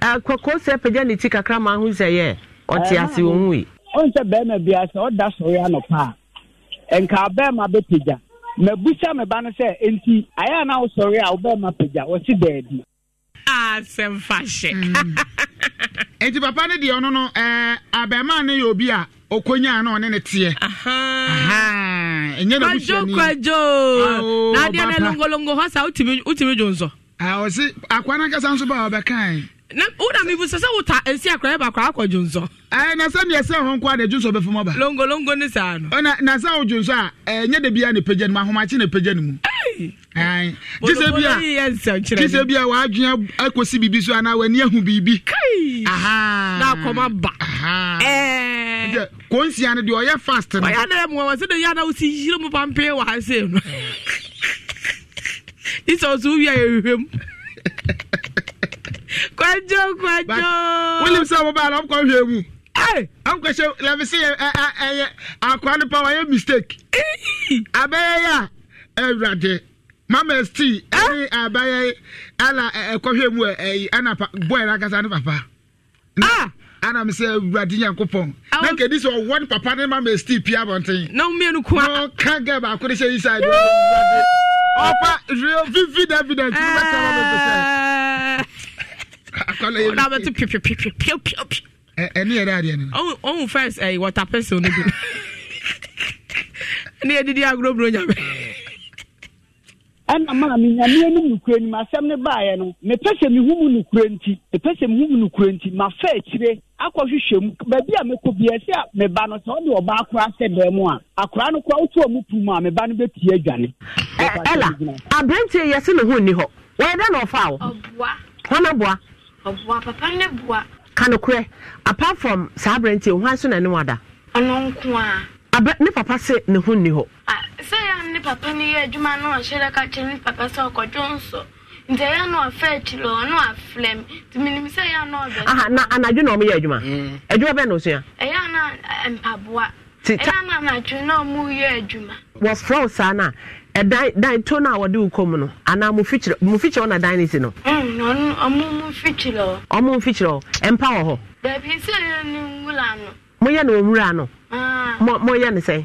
a kɔkɔɔ sɛ pagya ne ti kakra ma ho sɛ yɛ ɔte eh, ase ɔhui ɔnsɛ bɛrima biara sɛ a ɛnka na busa me ba no sɛ nti ayɛ a na wosɔre a wobɛma pagya wɔse daabi asɛm fa hyɛ mm. papa no deɛ ɔno no abɛma no yɛ obi a okonya na ɔne ne teɛ ɛnyɛ na busuanikwadwo na adeɛ longolongo hɔ sa nsɔ akwa nso ba na wona mebusa sɛ wota nsi akora ɛba kora akɔ dwonsɔ na sɛ neɛ sɛ ho nko a na dwonsɔ bɛfa mu longo longolongo ne saa no na sɛ wo dwonsɔ a ɛnyɛ da bia ne pagya no mu ahomakye ne pagya no mu kisɛ bia waadwea akɔsi biribi so anaa w'ani ahu biribi na akɔma ba kɔnsia no deɛ ɔyɛ fast no ɔyɛ dɛ mu wɔ sɛ de yɛ ana wosi yire mu pampee wɔ ha sei no isɛ ɔso wowia yɛhwehwɛ mu kwajo kwajo. wọ́n sọ bàbá àná ọkọ̀ hwẹ́ mu. ankọ̀ṣe lẹ́mísí ẹ̀yẹ akwa nípa wọ́n yẹ mistake. abẹ́yẹ yà ẹ̀wúrọ̀dẹ̀ mama st ẹni abẹ́yẹ ẹ̀na ẹ̀kọ́ hwẹ́ mu ẹ̀yí ẹ̀na bọ́ọ̀ ẹ̀rọ akásá ní papa. ana m sɛ awurade nyankopɔn na kɛdi sɛ ɔwɔ ne papa ne ma ma ɛstii pia abɔnten na womienu koa na ɔka gɛ baako de hyɛ yi side ɔpa real vivid evidence wobɛka ma mɛpɛ colour yɛ ɔdaba ni. ɔhun asɛm no baeɛ no mepɛ sɛ mehu mu nokuro nti mepɛ sɛ mehu mu nokuro nti mafa akyire akɔhwehwɛ mu baabi a mekɔ bia sɛ a meba no sɛ wode ɔbaa koraa sɛ dɛɛ mu a akoraa no koraa wotoa mu pu a meba no bɛpie adwane ɛla aberantiɛ yɛse ne ho nni hɔ wɔyɛ na ɔfaa wo hɔn aboa ɔboa papa no boa ka nokorɛ apart from saa aberɛnti nso na ne wada ɔno nko a abɛ ne papa se ne ho nni hɔ sɛ yɛ ne papa no yɛ adwuma papa sɛ ɔkɔdwo nso nti ɛyɛ no ɔfɛ akyiri ɔno aflɛm nti menim sɛ ɛyɛ no ɔbɛ na anadwo na adwuma mm. adwuma bɛɛ na ɛyɛ no mpaboa ɛyɛ no anadwo na adwuma wɔfrɛ wo saa no a ɛdan dan to no a wɔde wokɔ mu no anaa mofikyerɛ mofikyerɛ na dan no si no ɔno ɔmo mfikyerɛ ɔmo mfikyerɛ ɛmpa wɔ hɔ daabi sɛ yɛ no nwura no moyɛ no ɔwura no ah. moyɛ no sɛn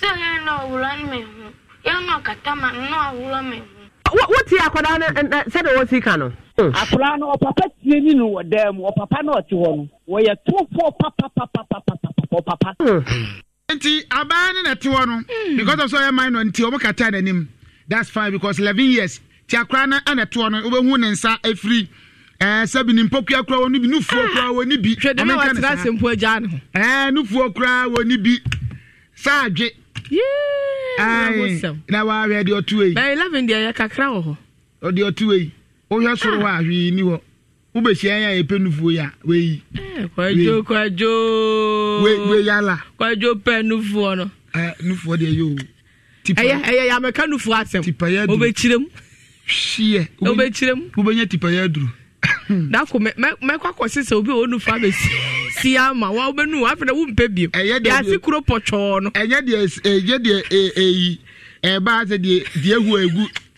sɛ yɛ no ɔwura no me ho yɛ no ɔkata ma no ɔwura me ho wotie akwadaa no sɛdeɛ wɔsi ka no hmm. akwadaa no ɔpapa tie ni no wɔ dan mu ɔpapa no ɔte hɔ no wɔyɛ tofo papapapapapapa ɔpapa hmm nti abaa ne na ɛte hɔ no because of so ɔyɛ minor nti ɔmo kata n'anim that's fine because eleven years ti akora na ɛna ɛte hɔ no wobɛhu ne nsa efiri ɛɛ sɛbi ne mpokua kura wɔn ni bi nufuo kura wɔn ni bi hwɛde na wa se mpo agya no ɛɛ nufuo kura wɔn ni bi saa na wahwɛ deɛ ɔtuo yi bɛn eleven deɛ yɛ kakra wɔ hɔ ɔdeɛ ɔtuo yi wohwɛ soro hɔ ahwii ni hɔ wobɛhyia yɛ a yɛpɛ nufuo yi a weyi eh, kwadwo kwadwo weyala kwadwo pɛ nufuo no eh, nufuo deɛ yɛ o ɛyɛ ɛyɛ yamɛka nufuo asɛm tipayɛ duro obɛkyerɛ mu hwiɛ obɛkyerɛ mu wobɛnya tipayɛ duro dako mɛkɔ akɔ sisɛ obi a onufuo abɛsi si ama wa wobɛnu afei na wompɛ bio yɛase kuro pɔtwɔɔ no ɛnyɛ deɛ ɛyɛ deɛ ɛyi e, ɛɛba sɛ deɛ deɛ ehu egu.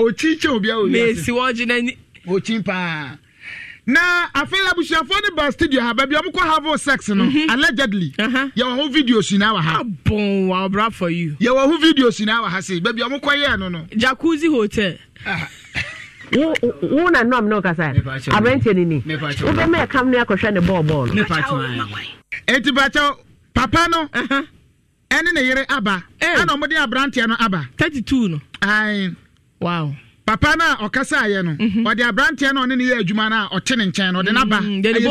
ɔkyi kyɛ obiara wɔ wiase mesi wɔn gyina ni ɔkyi paa na afei abusuafoɔ ne ba studio ha baabi ɔmo kɔ havo sex no mhm. allegedly uh-huh. yɛwɔ ho video si na wɔ ha abon wa ɔbra for you yɛwɔ ho video si na wɔ ha se baabi ɔmo kɔ yɛɛ no no jacuzzi hotel ah. wo na nɔm no kasa aberanteɛ no ni wobɛ ma ɛkam no akɔhwɛ ne bɔɔbɔɔ no enti papa no uh-huh. ɛne ne yere aba eh. ɛna ɔmode aberanteɛ no aba 32 no ae wow papa na ɔkasaayɛ no ɔde mhm. aberanteɛ na ɔne ne yɛ adwuma no ɔte ne nkyɛn no ɔde naba yɛsɛ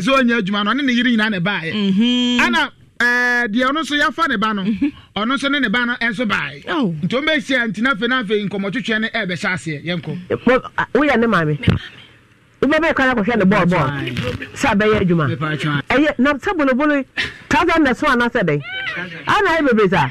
ɔnyɛ adwuma no ɔne ne yiri nyinaa mhm. ana eh, deɛ ɔno nso yɛafa ne ba no mhm. ɔno nso ne ne ba no nso baayɛ oh. nti ɔmbɛsia nti na na afei nkɔmmɔtwetwɛ no ɛbɛhyɛ aseɛ yɛnkɔ woyɛ ne maame wobɛbɛyɛ kwan akɔhwɛ ne bɔɔl bɔɔl sɛ adwuma ɛyɛ na sɛ bolobolo so ana ayɛ bebree saa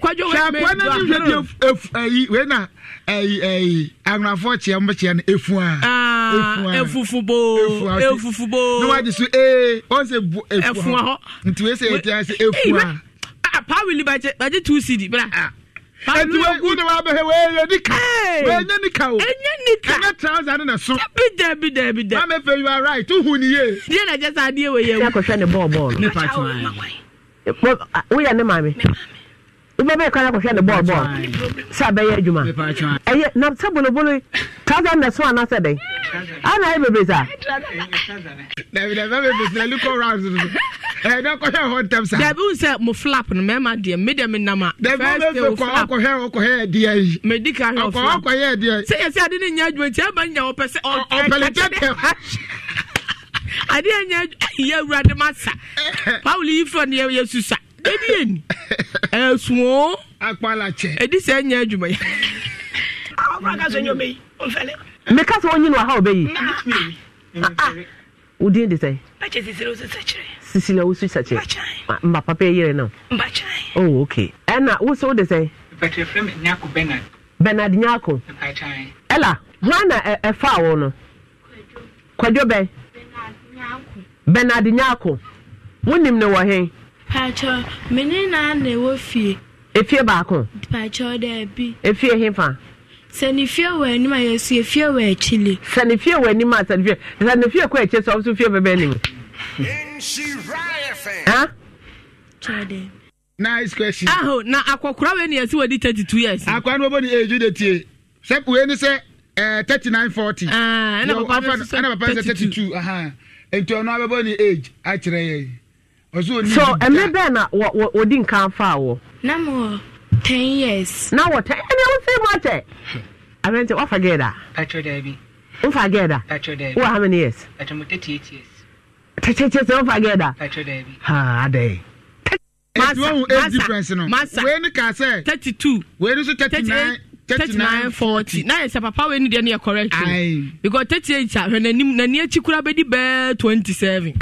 kwadwoɛna agorɔfoɔ kyeɛ mbɛkyeɛ no ɛfu a ɛfufuboofufuboona wagye so ee ɔn sɛ ɛfua hɔ nti wei sɛ yɛtia sɛ ɛfu a paa wili bagye two cd bra ɛti wagu ne wabɛhɛ wɔyɛ nika wɔnyɛ nika o ɛnyɛ nika ɛnyɛ trouser ne na so dabi dabi dabi dabi maame fɛ you are right tuhu ni ye. diẹ na jẹ sa adiẹ wẹ yẹ. ṣé akɔhwɛ ni bɔɔl bɔɔl. ne fa ti maa ye. woyɛ ne maame. ne maame wobɛbɛɛ kara kɔhwɛ ne bɔɔl bɔɔl sɛ abɛyɛ adwuma ɛyɛ na sɛ bolobolo trouser na so anasɛ dɛn ana ayɛ bebree saa ɛdɛkɔhwɛ hɔ ntɛm sa dabi n sɛ mo flap no mɛma deɛ me deɛ menam a firstɔkɔhɛ adeɛ yi medi ka ɔkɔhɛ adeɛ sɛ yɛ sɛ ade ne nya adwuma nti ɛma nya wɔpɛ sɛ ɔpɛlɛkyɛ adeɛ nya yɛ awurade ma sa paul yi fɔ ne yɛ susa dedien ɛsuo akpalakyɛ ɛdi sɛ nyɛ adwuma yi meka sɛ wonyi no waha wobɛyi wodin ah. ah, de sɛ sisi e na wosu sakyerɛ mba papa yere no oh, ok ɛna wo sɛ wode sɛ bernard nyako ɛla hoa na ɛfaa e, e wo no kwadwo bɛ bernard nyako wɔ pakyɛ mene naa na ɛwɔ fie efie baako pakyɛ dɛ bi efie hefa sɛnifie wɔ anim a yɛsu efie wɔ akyili sɛnifie wɔ anim a sɛnifie sɛnifie kɔ akyiri sɛ ɔso fie bɛbɛ anim kyɛdɛ nice question aho na akɔkora wɛ ni yɛsi wɔ di thirty two years akɔra ni wɔ bɔ ni eju de tie sɛ wɛ ni sɛ ɛɛ eh, thirty nine forty ah, ɛna papa ɛna papa sɛ thirty two ɛnti ɔno abɛbɔ ni age akyerɛ yɛ yi so ɛmɛ bɛɛ na wɔdi nkan fa wɔ. na mo ten years. na wɔ ten ɛni o se mo tɛ. abɛn tɛ wafa gɛɛ da. patro dɛbi. nfa gɛɛ da. patro dɛbi. wa how many years. patro mo thirty eight years. thirty eight years nfa gɛɛ da. patro dɛbi. haa adɛ. masa masa masa wɛni kasɛ. thirty two. wɛni so thirty nine thirty nine forty na yɛ papa wei ni deɛ no yɛ correct no because thirty eight ahwɛ n'anim n'ani akyi kura bɛdi bɛɛ twenty seven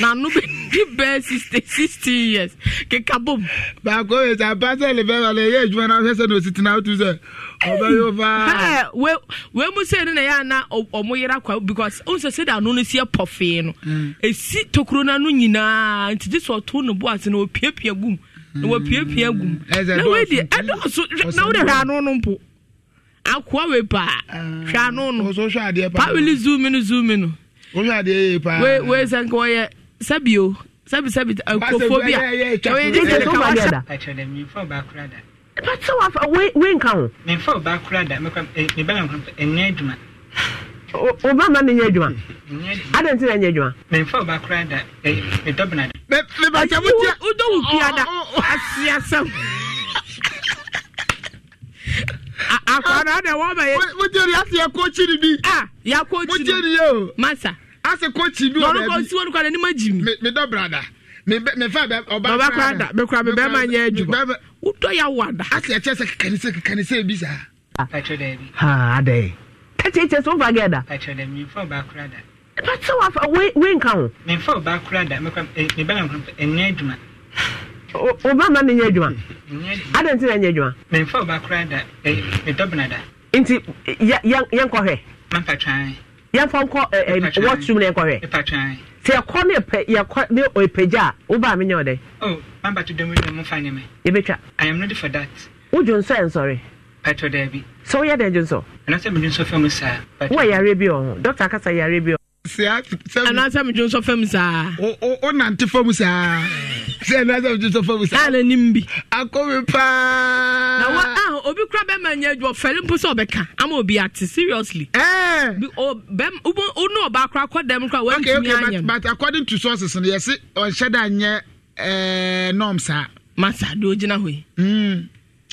n'ano bɛdi bɛɛ sixty sixty years keka bom. baako yi sɛ apasa le bɛ wale eye edwuma na ɔhwɛ sɛ na osi tena otu sɛ ɔbɛ yi fa. wei wei mu sɛ ne na yɛ ana ɔmo yɛrɛ akɔ because o sɛ sɛ de ano no si yɛ pɔfee no esi tokuro n'ano nyinaa nti ti sɛ ɔto ne bo ase na opiapia gum na wapiapia gum na wei deɛ ɛdɔɔso na wo de hwɛ ano no mpo akoa wei paa hwɛ ano no pawili zoomi no zoomi no wei sɛ nka wɔyɛ sabio sabi sabi nkurɔfoɔ bi a ɛwɔ yɛ gyegye ka wahyɛ pàtó wà fà wé wé nka ho. mi nfa ọba akura da mi kọ mi bá mi kọ ẹnyẹ adwuma. o bá ma ni nyẹ adwuma. adé ntí na nyẹ adwuma. mi nfa ọba akura da mi dọbìnà da. mi bàjẹ́ mo tiẹ̀. o dọ̀wù kí a da a si asẹ́mu akwara ah. na wɔn bɛ yɛ. mo jẹ ni ase yɛ kɔɔkye ni bi. a yɛ kɔɔkye ni mo jẹ ni yɛ o. masa ase kɔɔkye bi wɔ bɛɛbi. lɔri kɔ siwɔni kɔ ni ma jim. mi mi dɔ brada mi bɛ mi fa bɛ ɔba ɔba kura da mi kura mi bɛɛ ma nyɛ jubɔ wutɔ ya wa da. ase ɛkyɛ sɛ kanise kanise bi sa. Ah. patro dɛbi. ha ada yi. kɛtɛ kɛtɛ so fa da. patro dɛbi mi fɔ ba kura da. patro we we nkan o. mi fɔ ba kura da mi bɛ ma nkura o hmm. ba ma ne nyɛ adwuma adan ti na nyɛ adwuma. mɛnfa o ba kura da ɛɛ eh, mɛdɔbina da. nti yɛn yɛn kɔhɛ. mampa twan. yɛn fɔ nkɔ ɛɛ eh, eh, wɔtum na yɛn kɔhɛ. mampa twan. sɛ yɛkɔ ne pɛ yɛkɔ ne epagya a o ba mi nyɛ o dɛ. o oh, mampa to domi domi fa nyɛmɛ. ebetwa. i am ready for that. o jo nsɔ yɛn sɔre. patro dɛbi. sɛ o yɛ dɛ jo nsɔ. ɛnɛ sɛ mi jo nsɔ fɛn mi sa. wɔ yare bi wɔ dɔkita akasa yare bi wɔ. anaasɛ medwo nsɔ a! saa wonante fam saa sɛ anaasɛ medwo nsɔ fam saa nanim bi akɔme paa obi kora bɛma nyɛ adwa ɔfɛre mpo sɛ ɔbɛka ama obi ate seriously ɔba kora kɔ kora wantumi anyɛbut according to sources no yɛse ɔnhyɛ da nyɛ norm saa masa de ogyina hɔ yi hmm.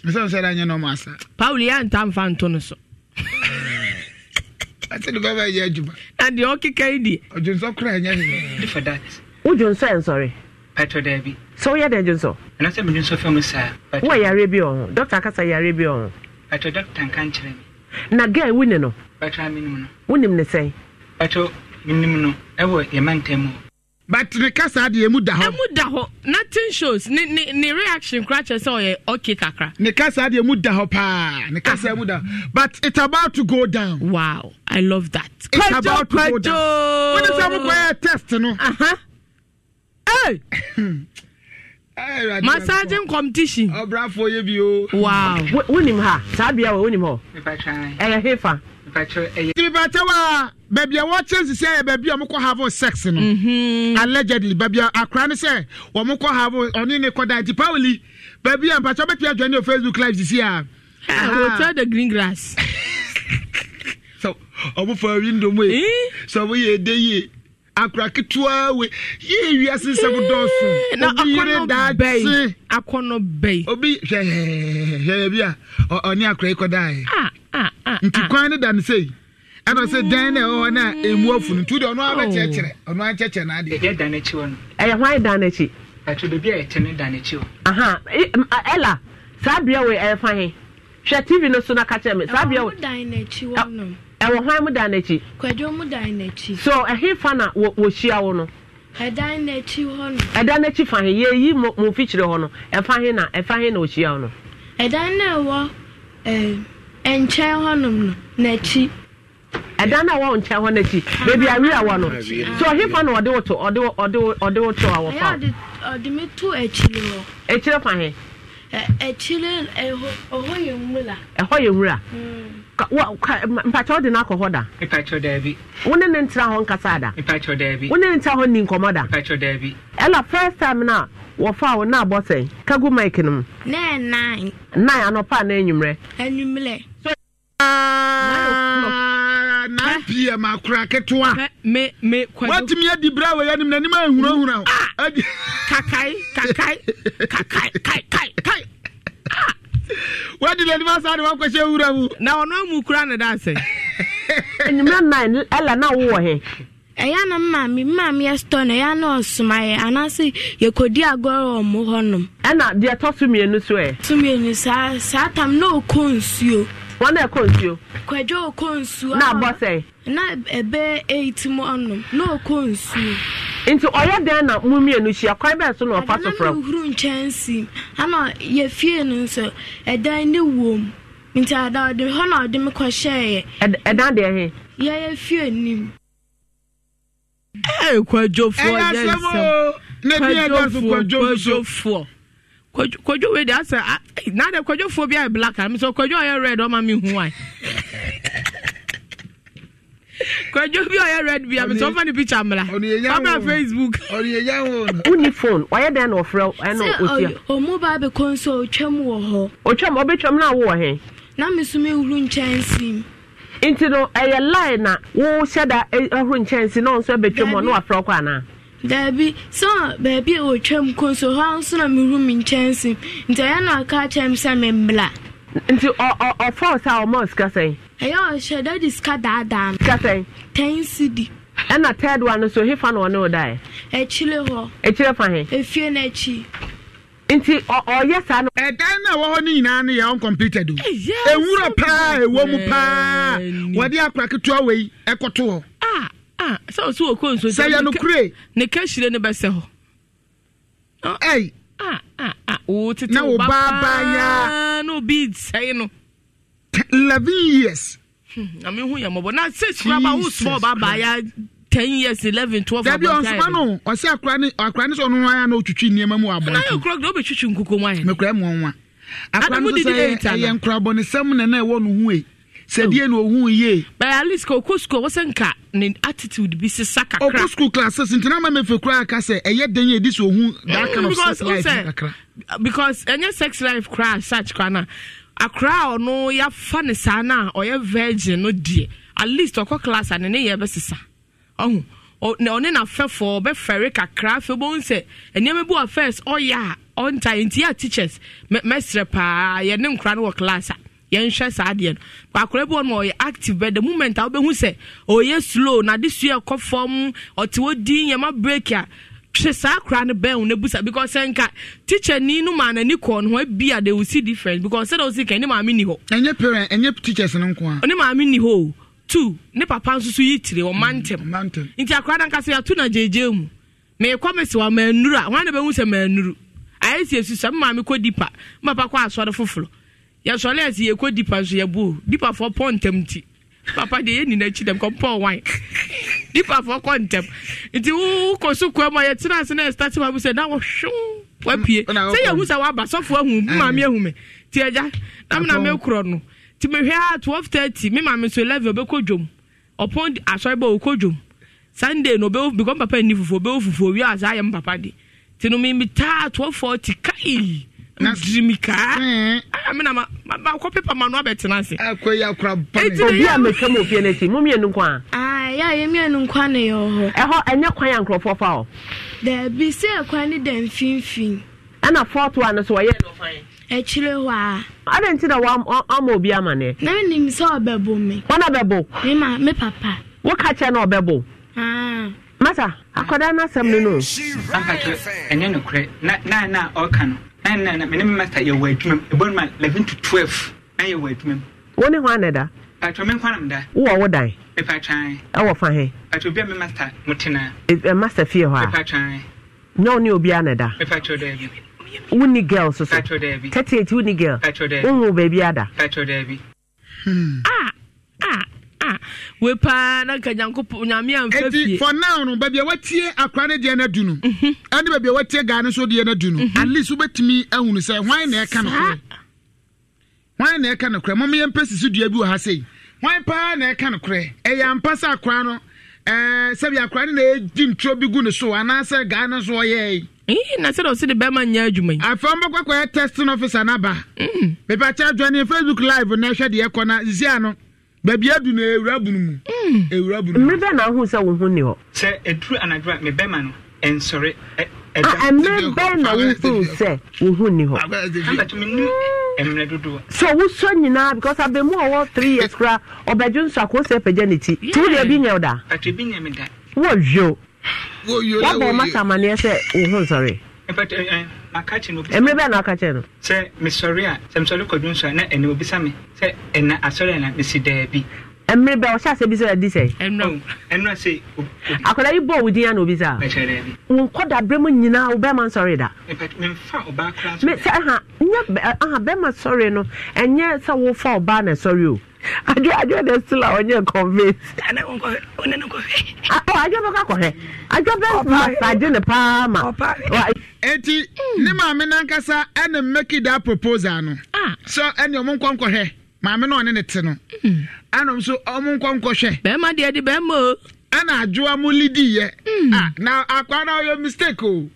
sɛ ɔnhyɛ da nyɛ asa paul yɛ antamfa nto no so ase ne bɛbɛ yɛ adwuma. na deɛ ɔkeka yi di. ɔdwonsɔ kura ɛnyɛ hwee. for that. wodwonsɔ yɛ nsɔre. pɛtɔ daabi. sɛ woyɛ dɛ dwonsɔ. ɛna sɛ medwonsɔ fam saa. wowɔ yare bi wɔ ho akasa yare bi wɔ ho. pɛtɔ dɔkta nka nkyerɛ me. na gaa wo ne no. pɛtɔ a menim no. wonim ne sɛn. pɛtɔ menim no ɛwɔ yɛmantam mu but ne kasa deɛ ɛmu da hɔ ɛmu da hɔ nothing shows Ni ni ni reaction kora kyerɛ sɛ ɔyɛ okay kakra ne kasa deɛ ɛmu da hɔ paa ne kasa ɛmu da but it's about to go down wow i love that it's kwajo, about to kwajo. go down wọ́n ti sẹ́ mo kọ́ ẹ test no. Uh-huh. Hey. massaging competition. ọbrafo ye bi o. wow. wóni mu ha sáà bíyà wọ wóni mu hɔ. ìbátan. ẹ̀yẹ hefa. ìbátan ẹ̀yẹ. ìbátan baabi a wɔkyerɛ nsisi ayɛ baabi a wɔkɔ havo sex no allegedly baabi a akora no sɛ wɔkɔ havo ɔne ne kɔda nti paoli baabi a mpatsɛ bɛtumi adwane o facebook live sisi a. hotel the green grass. sọ ọmọ fọ windo mu yi sọ ọmọ yẹ ẹdẹ yie akora ketewa we yie wiase nsɛm dɔɔso obi yere daakye akɔnɔ bɛyi obi hwɛ hwɛ hwɛ bi a ɔne akora yi kɔ daa yɛ nti ah. kwan ne da ne sɛ yi. e sɛ dan na ɛwɔ na emu afunu tu de ɔno abɛkyerɛkyerɛ oh. ɔno akyerɛkyerɛ n'adeɛ. ɛyɛ dan n'akyi wɔ no. ɛyɛ hwan dan n'akyi. ɛtu beebi a dan n'akyi wɔ. ɛla saa bea ɛyɛ fan hwɛ tv no so na kakyɛ mi saa bea wɔ. ɛwɔ mu dan n'akyi wɔ no. ɛwɔ mu dan kwadwo n'akyi. fa na yɛyi mo na ɛfa na no. ɛdan na ɛwɔ ɛdan no a wɔwo nkyɛn hɔ no akyi baabi awerɛ wɔ no so ɔhefa na ɔde woto ɔde woto a wɔfa ɔde fa he ɛhɔ yɛ nwura mpakyɛ wode no akɔ hɔ da ne hɔ nkasa da ne hɔ nni nkɔmmɔ da ɛla first time no a wɔfa wo na abɔ sɛn ka gu mike no mu anɔpa anwummerɛ pm akora ketewa watumi adi a wɔyɛ anim nanim ahunahuna wadi nanim asa de woakɔhyɛ wura mu na ɔno amu kora ne da sɛ numera nnan ɛla na wowɔ he ɛyɛ na maame maame yɛ so tam nsuo nsuo na ebe eight mu anum na ɔkɔ nsuo. nti ɔyɛ dɛn na mu mmienu hyia kwan bɛɛ so na ɔfa so fura mu. adanahuru no nso ɛdan ne nti ada ɔde hɔ na ɔde mi kɔ hyɛɛ yɛ. ɛdan deɛ he. yɛyɛ fie nim. kwadwofoɔ yɛ nsɛm kwadwofoɔ kwadwo wei asɛ kwadwofoɔ bi ayɛ black sɛ kwadwo ɔyɛ red ɔma mi hu kwadwo bi ɔyɛ red bi amitɔ ɔfa ne picture mla ɔbɛ facebook. wúni phone ɔyɛ dɛn oh, oh, na ɔfrɛ ɛna ɔsia. sɛ ɔmo ba bɛ kɔ nso ɔtwam wɔ hɔ. ɔtwam ɔbɛtwam na awɔ hɛn. na mi so mi nti no ɛyɛ line na wɔhyɛ da ɛhuru eh, nkyɛnsee na ɔnso ɛbɛtwam hɔ na wafrɛ kɔ ana. daabi sɛ baabi a ɔtwam kɔ nso hɔ nso na mi huru mi nti ɛyɛ na ɔka kyɛm sɛ mi nti ɔfɔ sɛ ɔmɔ sika sɛn. ɛyɛ ɔhyɛ dadi sika daadaa no. sika sɛn. ten cd. ɛna third one nso hefa na ɔne ɔda yɛ. akyire hɔ. akyire fa he. efie n'akyi. nti ɔyɛ saa no. ɛdan na ɛwɔ hɔ no nyinaa no yɛ uncompleted o. ewura paa ewɔ mu paa wɔde akora ketewa wei ɛkɔto hɔ. a a sɛ o so wɔ kóo nsuo. sɛ yɛ no kure. ne kɛhyire ne bɛ sɛ hɔ. ɛyi. a a a o tete o ba paa na obi sɛyi no eleven years. Hmm, na mi hu yẹn mọ bọ na six raba who small baba ya ten years eleven twelve abọ ntaade. dabi ọsùnmọ nù ọsẹ akura ni akura ni sọ ọnu wọn ya na otwitwi nneema mu abọ. ọ̀nà yóò kúrò gbé obì twitwi nkukku mu ayẹ. mekura mu ọnwa. akura ni sọ sẹ ẹyẹ nkurabọ ni sẹmu nana ẹwọ nu hu yi sɛdeɛ na ɔhu yie. bɛyɛ alice ka okɔ sukuu wɔsɛ nka ne attitude bi sisa kakra. okɔ sukuu classes ntina ma mefe kura aka sɛ ɛyɛ den yɛ edi so ohun that kind of sex life kakra. because ɛnyɛ sex life kura search kura na. akora a ɔno yɛafa ne saa no ɔyɛ virgin no deɛ at least ɔkɔ class a ne ne yɛ bɛsesa ɔho ɔne n'afɛfoɔ ɔbɛfɛre kakra afei bɛhu sɛ nneɛma bi wɔ first ɔyɛ a ɔnta nti yɛ teachers mɛsrɛ paa yɛne nkora no wɔ class a yɛnhwɛ saa deɛ no akora bi wɔ no ɔyɛ active bɛ the moment a wobɛhu sɛ ɔyɛ slow na de sua ɛkɔ fam ɔte wɔ din yɛma break a hwɛ saa koraa no bɛn no busa because sɛ nka teacher no maa n'ani kɔɔ no hɔ bi a they will see different because sɛdeɛ wosi kan ne maame ni hɔ. ɛnyɛ parent ɛnyɛ teachers no nko a. ne maame ni hɔ o two ne papa nso so yi tiri ɔma mm, ntɛm ɔma ntɛm nti akora na nkasa yɛ ato na gyegye mu mɛ kɔmɛsi wa mɛ nuru a wɔn a bɛ hu sɛ mɛ nuru ayɛ si esu sɛ maame kɔ dipa mɛ papa kɔ asɔre foforɔ yɛ sɔre yɛ si yɛ kɔ dipa nso yɛ bu dipa fɔ pɔn ntɛm ti papa deɛ yɛni n'akyi dɛm kɔmpɔn wan nipafoɔ kɔ ntɛm nti wokɔ so kua mu a yɛtena ase na ɛstate ma mu sɛ na wɔhwew wapue mm, sɛ yɛhu sɛ woaba sɔfoɔ ahu me mm. maame ahu me nti agya na mena mekorɔ no nti mehwɛ a 1230 me maame nso 11 ɔbɛkɔ dwom ɔpɔn asɔre bɛ ɔkɔ dwom sunday no ɔbɛwo because papa nni fufuo ɔbɛwo fufuo wie a saa yɛ m papa de nti no memetaa 1240 kai na mm. dirimikaa mm. ah, mena mabakɔ pepa ma no abɛtena ase obi a mɛtwa ma ofie no akyi mo mmienu nko a yɛ mmienu nkwa na yɛ hɔ ɛhɔ ɛnyɛ kwan a nkurɔfoɔ fa hɔ daabi sɛ ɛkwan ne da mfimfin ɛna fɔto a no so wɔyɛ no fan akyire hɔ a adɛn nti na wama obi amanneɛ na menim sɛ ɔbɛbo me wɔna bɛbo mema me papa woka kyɛ na ɔbɛbo ah. masa akɔda no asɛm no no ɛnyɛ nokorɛ na na ɔka no ɛna na mene master yɛwɔ adwuma mu ɛbɔn ma eleven to twelve ɛyɛ wɔ adwuma mu. wone hɔ anɛ da. patro me nkwanam da. wowɔ wo dan. mepa twan. ɛwɔ fa he. patro bi a me master mo tena. ɛ master fie hɔ a. mepa twan. nyɛ ne obi anɛ da. mepa tro dɛbi. wonni girl soso. patro dɛbi. thirty eight wonni girl. patro dɛbi. wohu baabi ada. patro dɛbi. a ah we paa na nka nyankopɔn nyame amfa fie for now no baabi a watie akora ne deɛ no adu mhm. no ɛne baabi a watie gaa ne nso deɛ no adu mhm. no at least wobɛtumi ahunu sɛ hwan na ɛka no korɛ hwan na ɛka no korɛ mama yɛmpɛ sisi dua bi wɔ ha sei hwan paa na ɛka no korɛ ɛyɛ ampa sɛ akora no sɛbi akora ne na ɛdi nturo bi gu ne so anaasɛ gaa ne nso ɔyɛe na sɛ ɔse de bɛma nyɛ adwuma yi afei ɔmbɛkɔkɔyɛ testing officer no aba mepɛkyɛ mm. adwane facebook live na ɛhwɛ deɛ ɛkɔ na sisia no baabi adu na ewura bunu mu. Hmm. ewura bunu mu. mmiri na ahun sɛ wo ho ni hɔ. sɛ eduru anadwo a mi bɛma no nsɔre. mmiri bɛn na wo fun sɛ wo ho ni hɔ. abatumi ni mmerɛ dodoɔ. sɛ wosɔ nyinaa because abemu a ɔwɔ three years kura ɔbɛdwo nso akosɛ pɛgya ne ti tu deɛ bi nyɛ o da. pato ebi nyɛ mi da. wɔyɔ. wɔyɔ wɔbɔ ɔma samaneɛ sɛ wo ho nsɔre mmerɛ bɛɛ na aka kyerɛ no sɛ mesɔre a sɛ mesɔre kɔdwo nso a na ɛnɛ obisa me sɛ ɛna asɔre ana mesi daabi mmerɛ bɛɛ ɔhyɛ asɛ bi sɛ adi sɛ ɛnura oh, sɛ akwadaa yi bɔɔ wo din ana obi sɛ a wo nkɔda berɛ mu nyinaa wo bɛrima nsɔre da sɛ aha nyɛ aha sɔre no ɛnyɛ sɛ wofa ɔbaa na ɛsɔre o adwo adwo de still a na convince. adwo bɛ kɔ akɔhɛ adwo bɛ master ne paa ma. eti ne maame nankasa ɛna mmeki da proposal no ɛna ah. ɔmo maame na ɔne ne no ɛna nso ɔmo bɛrima deɛ di bɛrima o. ɛna adwo yɛ na akwa na mistake o.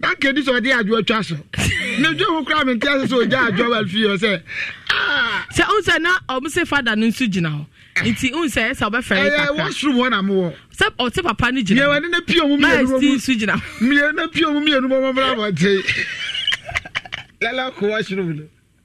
banki di sɛ ɔde adwo atwa so ah. na dwe ho koraa mente ase sɛ ɔgya adwo walfie ɔ sɛ sɛ wohu sɛ na ɔm sɛ fada no nso gyina hɔ nti wohu sɛ ɛsɛ wobɛfrɛ washroom hɔ na mowɔ sɛ ɔte papa no gyina na pio mu mmiɛnso gyina mmiɛ na pio mu mmiɛnu bɔmɔmra bɔte lala ko washroom no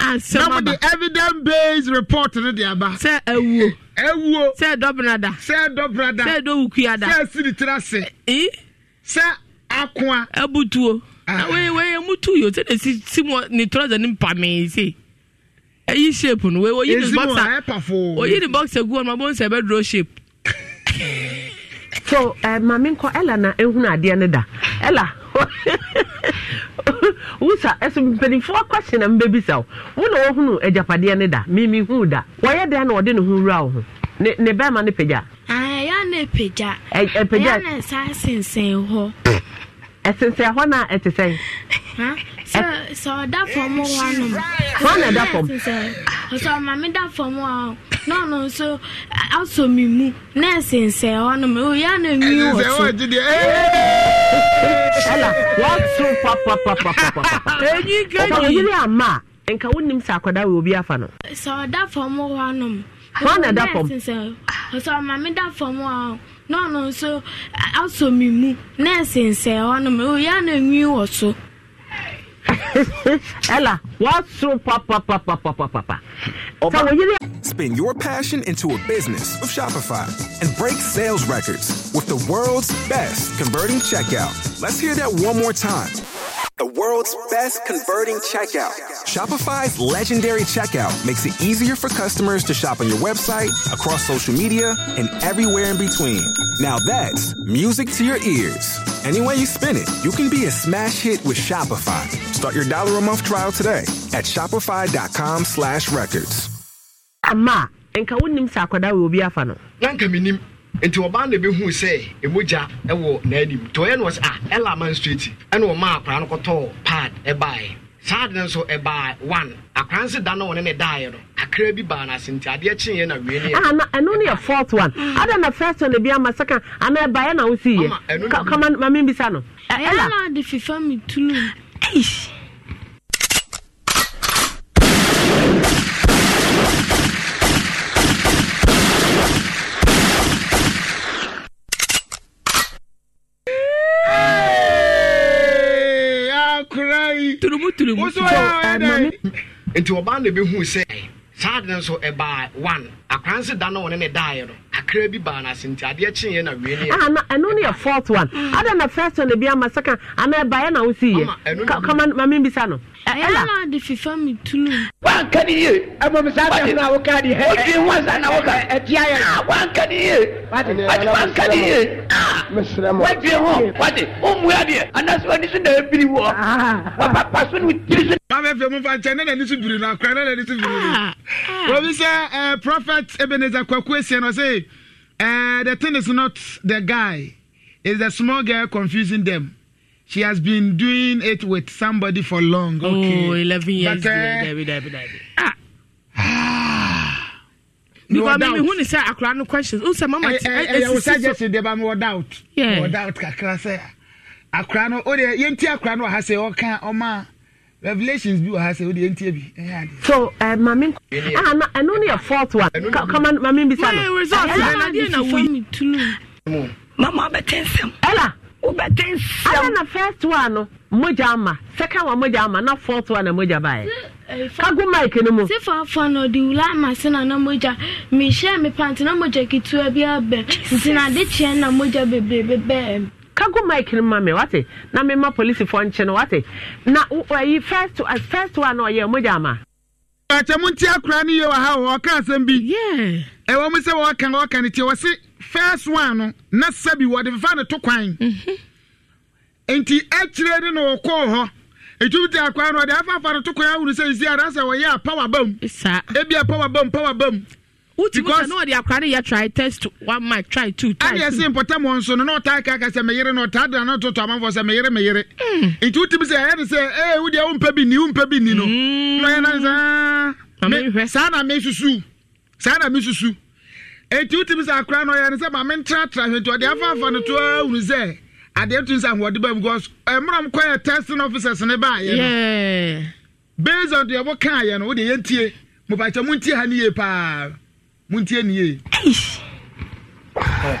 na mo de evidence based report ne de aba. sɛ ewuo. ewuo. sɛ dɔbinada. sɛ dɔbinada. sɛ dɔwukuyada. sɛ siritirase. ee. sɛ akoa. ebutuo. Ah. wei wei mutu yi o sɛ de si si mu ni trɔza ni mpamii se eyi shape no wei oyi ni boxer oyi ni boxer gu ɔno ɔbɛn sɛ ɛbɛ draw shape. so eh, maame nkɔ ɛla na ehun adeɛ ne da ɛla. wosa ɛso mpanimfoɔ kwɛhyɛ na mbɛbisa o. wo na wɔhunu agyapadeɛ ne da memehuu da wɔyɛ dɛn na wɔde ne ho wura wo ho ne ne bɛrima ne pagya ɛyɛ ne pagya ɛpagya ɛyɛ ne sa sensɛn hɔ ɛsensɛn hɔ na ɛte sɛn sɛ ɔda fam hɔ anom hɔ na ɛda fam sɛ ɔsɛ da fam hɔ n'ọnụ nso asọ nọọsụ nsị ọnụ m ya na enyi wọtụ. ɛla wɔto papapapapapa Enyi gani ama a akwadaa wee obi afa no fam m. na fam Sọ da fam nso me mu na ɛsensɛ ya na nwi wɔ Ella, what's so papa papa papa papa? Oh, spin your passion into a business with Shopify and break sales records with the world's best converting checkout. Let's hear that one more time. The world's best converting checkout. Shopify's legendary checkout makes it easier for customers to shop on your website, across social media, and everywhere in between. Now that's music to your ears. Any way you spin it, you can be a smash hit with Shopify. Start your dollar a month trial today at shopify.com slash records. Ama, nka wonim sɛ akwadaa wɔ obi afa no. Na nka menim. Nti ɔbaa na bɛhu sɛ emogya ɛwɔ n'anim. Nti ɔyɛ no ah, street ɛna ɔma akwadaa no kɔtɔɔ pad ɛbaeɛ. Saa ade so ɛbaa one akwadaa nso da na wɔne ne daeɛ no kakra bi baa n'ase nti adeɛ kyeeɛ na wie ne yɛ. Ana ɛno a fourth one. Ada na first one bi ama second ana ɛbaeɛ na wosi yɛ. Kama maame bisa no. Ɛla. Ɛla de fifa mi tulu. Eish. turumu turumu. nti ɔbaa na ebi hu sɛ saa de nso ɛbaa one akransi da no wɔne ne daeɛ no akra bi baa n'ase nti adeɛ kyenyɛ na wie ne yɛ. ana ah, ɛno ne yɛ fourth one mm. ada na first one bi ama second ana ɛbaeɛ na wosi yɛ kama maame bisa no ɛna de fifa mi tulu. wanka ni ye. ɛmɔ misa tɛ funa awo k'a di. o di wansa na o ka. ɛti a yɛrɛ. Ah, wanka ni ye. wati wanka ni ye. wati hɔn wati o mu ya di yɛ. anasuwa nisu na ye biri wɔ. papa ah. pasu ni tirisu. maame fɛ mun fa cɛ ne na nisu biri na kura ne na nisu biri na. o bi sɛ ɛɛ prɔfɛt ebenezer kwaku esien na se ɛɛ the thing is not the guy it's the small girl confusing them she has been doing it with somebody for long. Oh, okay. Oh, 11 years. But, uh, David, David, David. Ah. ah. No because doubt. Because say akura no questions. Eh, eh, Unsa mama eh, ti. Eh, eh, wosa just dey ba me doubt. Yeah. Wo doubt kakra say. Akura no o dey yenti akura no ha say o kan o ma revelations bi wɔ ha sɛ wode ɛntie bi so uh, mame ɛno ne yɛ fort one kama mame bisa no mama abɛte nsɛm ɛla wobɛte nsɛm na first one no mogya ama second one mogya ama na fourth one na mogya baɛ eh, kago Mike, no mu sefa afa no de wula ama se na na mogya mehyɛ me pante na mogya ketewa bi abɛn nti na ade kyeɛ na mogya bebrebe kago Mike, no ma me wate na mema polisifoɔ nkye no wate na ayi first first one na ɔyɛ mogya ama akyɛ mo nte akora no yɛ wɔ ha wɔ ɔka asɛm bi ɛwɔ mu sɛ wɔka wɔka no tiɛ wɔ se first one no na sɛbi wɔde fa ne to kwan mhm. nti akyire ne na ɔkɔɔ hɔ etu bi te akwan no ɔde afa afa ne to kwan ahuru sɛ esi ara sɛ wɔyɛ a power bam ebi a power bam power bam wuti mu sɛ na ɔde akwan no yɛ try test one mic try two try two ɛna yɛsi mpɔtɛmɔ nso no na ɔtaa kaa kaa sɛ meyere na ɔtaa dana no toto amanfoɔ sɛ meyere meyere mm. nti wuti bi sɛ ɛyɛ de sɛ ɛɛ eh, wudeɛ wo mpɛ bi ni wo mpɛ bi ni no mm. na ɔyɛ na saa ah, saa na me susu saa na me susu eti wotumi sɛ akora no ɔyɛ no sɛ maame ntratra hwɛ nti ɔde afaafa no to ahunu sɛ adeɛ tum sɛ ahoɔde ba because eh, mmerɛ mkɔyɛ testing officers ne baayɛ no based on deɛ wɔkaayɛ no wode yɛntie mopakyɛ montie ha ne yie paa montie ne yie eh,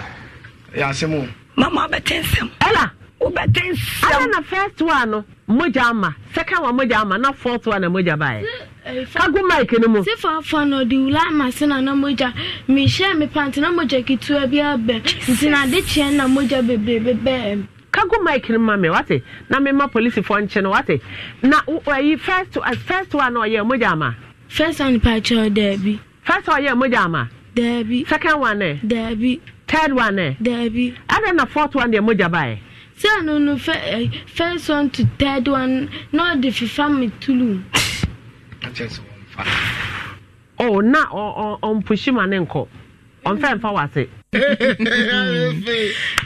yɛasɛm mama wobɛte nsɛm ɛna wobɛte nsɛm ana na first one no mogya ama second one mogya ama na fourth one na mogya baeɛ eh, kago mic no mu sefa afa no de wula ama se na na mogya mehyɛ me pante na mogya ketewa bi abɛ nti na ade kyeɛ na mogya bebrebe bɛɛ kago mic no ma me wate na mema polisifoɔ nkyɛ no wate na ayi eh, first eh, first one na ɔyɛ mogya ama first one pa kyerɛ daabi first one ɔyɛ mogya ama daabi second one ne daabi third one ne daabi ɛdɛ na fourth one deɛ mogya baeɛ sɛ no no first one to third one na ɔde fifa me tulu oh na ɔmpuhyi ma ne nkɔ ɔmfɛ mfa wase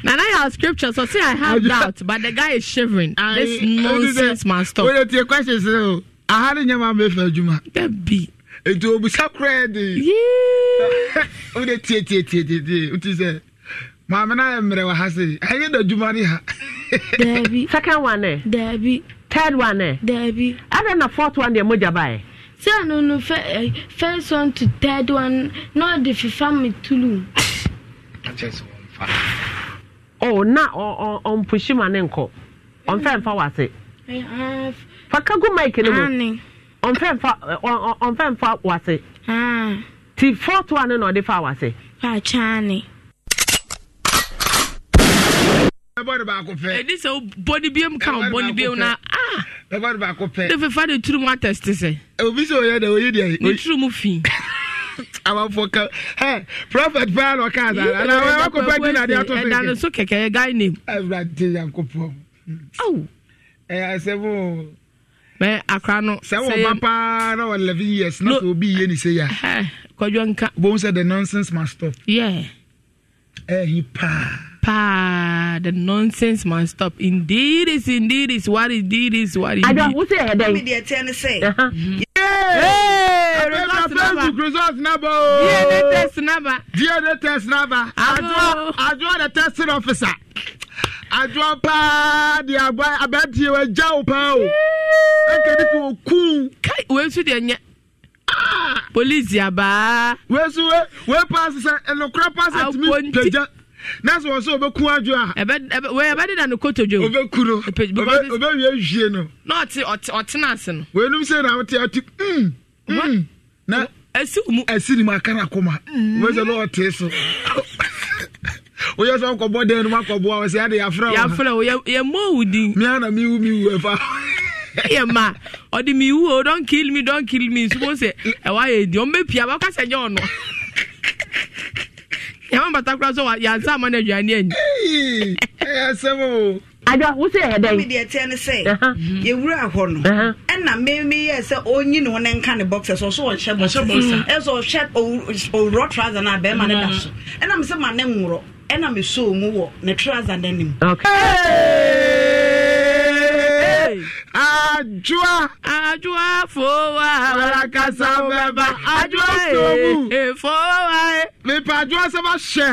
Nana, I have scripture, so see I have doubt, but the guy is shivering. I, this nonsense must stop. Wait, your question is, so, I had a young man for Juma. That be. It will be so crazy. Yeah. What a tia tia tia tia What is that? maame na ayɛ mmerɛ wɔ ha se ɛyɛ da adwuma ne ha daabi second one ɛ eh? daabi third one ɛ eh? daabi adɛ na fourth one deɛ mogya baɛ sɛ no no eh, first one to third one na ɔde fifa me tulu oh na ɔmpuhyi ma ne nkɔ ɔmfɛ mfa wase fa ka gu mike no mu ɔmfɛ mfa ɔmfɛ mfa wase ah. ti fourth one no ɔde fa wase fa kyaane bɔde baako pɛ. ɛdi sɛ bɔde biem kan bɔde biem na aa. ɛ ah! bɔde baako pɛ. ne fɛfɛ de turu mu atɛsite sɛ. obi sɛ oyɛ dɛ oyi deɛ. ne turu mu fi. amanfo ka ɛ prɔfɛt paa na ɔka asa ala wa wakɔ pɛ di na de ato so. ɛdan so kɛkɛ yɛ guy name. awurade yanko pɔ. aw. ɛyà sɛmu. mɛ akra no. sɛ wɔ ba paa na wɔ eleven years na sɛ obi yie ni se ya. kɔjɔ nka. bohun sɛ the nonsense must stop. yɛ. ɛyi paa paa the nonsense man stop indeed is indeed is what indeed is what indeed. àjọ àwùjọ yẹn dẹ. mi di ẹtí ẹni sẹ. Abẹ́rẹ́ Facebook results number o. DNA test number. DNA test number. Àjọ àjọ the testing officer. Àjọ paa di àgbà abẹ́ntì wa já o paa o. Ẹ̀ka ní kò kú. Káì wẹ́n sùn dẹ̀ nyẹ́. Ah! Polisi àbá. Wẹ́n sùn wẹ́ wẹ́ paasi sẹ́ ẹ̀nukura paasi ẹ̀ tì na sọ wọ́n sọ ọbẹ̀kun adwo a. wẹ́n ẹ̀bẹ̀ dídà ní kótó dwom. ọbẹ̀kun no ọbẹ̀wìyẹ no. na ọtí ọtena ase no. wọ́n enum sẹ́yìn na ọtí ọtí mm, mm. na esi mu esi ni mu akara wọ́n sọ na ọtí mm. so. mu ma o kill me kill me di yàwọn bàtà kura sọ yànsá àmọ́ n'adùn àní ẹni. ẹyà sẹ́mu o. adwa wosẹ yẹ dẹ. mi deɛ tiɛ ni sɛ yewura ahɔ no ɛna mmemme yɛ sɛ onyi ne ho ne nka ne boxer so so ɔhyɛ boxer ɛsɛ ɔhyɛ owurɔ trouser na bɛrima ne da so ɛna mi sɛ ma ne nwurɔ ɛna mi so omu wɔ ne trouser n'anim ajua ajua fowa warakasa bɛba ajua somu e, e fowa e. mipa ajua sɛba hyɛ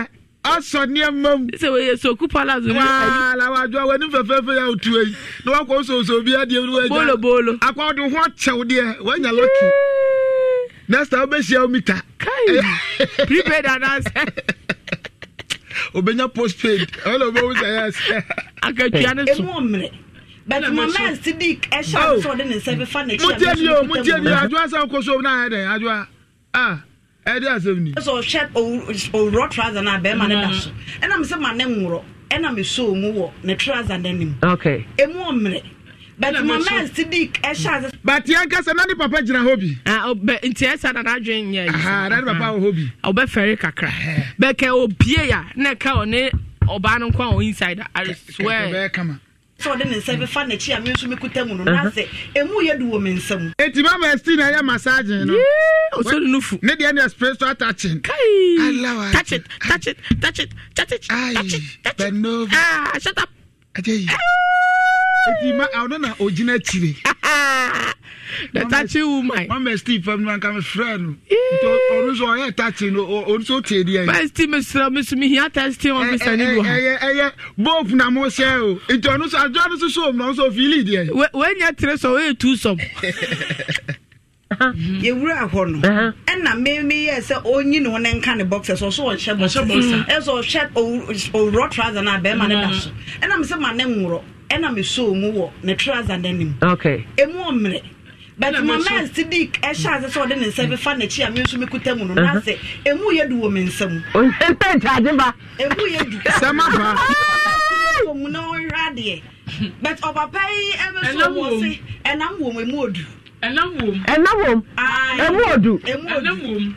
asɔ nneɛma mu. sɛ wɔyɛ soku palace bi. waa lawadua wani fɛfɛɛfɛ yà otu yi na wakɔ nsonso bi adiɛ mu. bolo bolo. akɔ ɔdi ho ɔkyɛw deɛ wanya lɔki next time wobɛhyia wo mita eh. prepaid anaasɛ obɛnya postpaid ɛna wobɛwu sɛ yɛsɛ akatua ne so but mama sidik ɛhyɛ so ɔde ne nsa bɛfa ne kyɛn mo tiɛ bi o mo tiɛ bi adwa sɛ ɔkɔ so na ayɛ dɛ adwa a ɛde asɛm ni. ɛsɛ ɔhyɛ owurɔ trouser na bɛrima ne da so ɛna mi sɛ ma ne nwurɔ ɛna mi so mu wɔ ne trouser ne nim. okay emu ɔmmerɛ but mama sidik ɛhyɛ ase. bati ankasa na ne papa gyina hɔ bi. nti ɛsɛ dada adwene nyɛ yi. na ne papa wɔ hɔ bi. ɔbɛfɛre kakra bɛkɛ obie oh, ya ne ka ɔne ɔbaa eh, no nkwa ɔ oh, inside i swear sɛ ɔde ne nsa bɛfa n'akyi a me nso mekuta mu no na sɛ ɛmu yɛ du nsa mu ɛti mama sti na ɛyɛ masage no ɔsɔre no fu ne ne spiritual touching touch it touch it touch it touch it touch it touch it ah shut up ɛti ma ɔno na ogyina akyire the touchy woman. mama steve fam na nka mefrɛ no ɔno nso ɔyɛ touchy no ɔno oh, nso oh, tie deɛ. bɛsti mesrɛ me so mehia testing officer ne bi hɔ. ɛyɛ bope na mo hyɛ o nti ɔno nso adwa no nso so mu na ɔnso fiili deɛ. wɔnyɛ tere sɔ wɔyɛ tu sɔm. yɛwura hɔ no ɛna memeyɛ sɛ ɔnyi ne ho ne nka ne boxer so ɔso ɔnhyɛ boxer ɛsɛ ɔhyɛ owurɔ trouser no a bɛrima no da so ɛna me sɛ ma ne nworɔ ɛna mesoo mu wɔ ne trouser no anim ɛmu ɔmmerɛ but my man sidik ɛhyɛ ase sɛ so ne nsa bɛfa n'akyi a me nso mekuta mu no na sɛ ɛmu yɛ du wɔ me nsa mu ɛpɛ ntaade ba ɛmu yɛ du sɛm aba wɔ mu na ɔnhwɛ adeɛ but ɔpapa yi ɛbɛ so wɔ se ɛnam wɔ mu ɛmu odu ɛnam wɔ mu ɛnam wɔ mu ɛmu odu ɛnam wɔ mu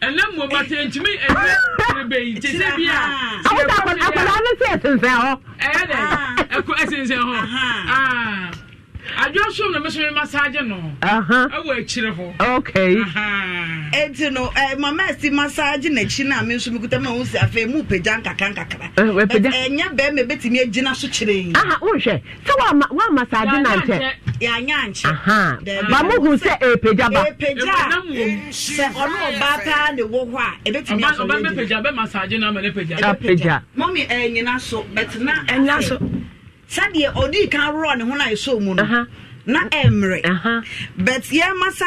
ɛnam wɔ mu ati ntumi ɛnyɛ ɛrebe yi te sɛ bi a akɔda akɔda ne se ɛsensɛn hɔ ɛyɛ dɛ ɛkɔ ɛsensɛn hɔ aa adwosom na mɛsɛ mema saa gye no ɛwɔ akyire hɔ okay ɛnti no eh, mama asi masaagye n'akyi no a me nso mekuta ma wo si afei mu pagya nkakra nkakra ɛnyɛ eh, eh, bɛrima bɛtumi agyina so kyerɛ wohwɛ sɛ woama saagye nankyɛ yɛanyɛ ankyɛ ba mohu sɛ ɛpagya ba ɛpagya sɛ ɔne ɔbaa paa ne wɔ hɔ a ɛbɛtumi asɔpagya momi ɛnyina so bɛtena ɛnyina so sɛdeɛ ɔdii kan worɔ ne ho no ɛsɛ mu no na ɛmmerɛ uh-huh. but yɛma sa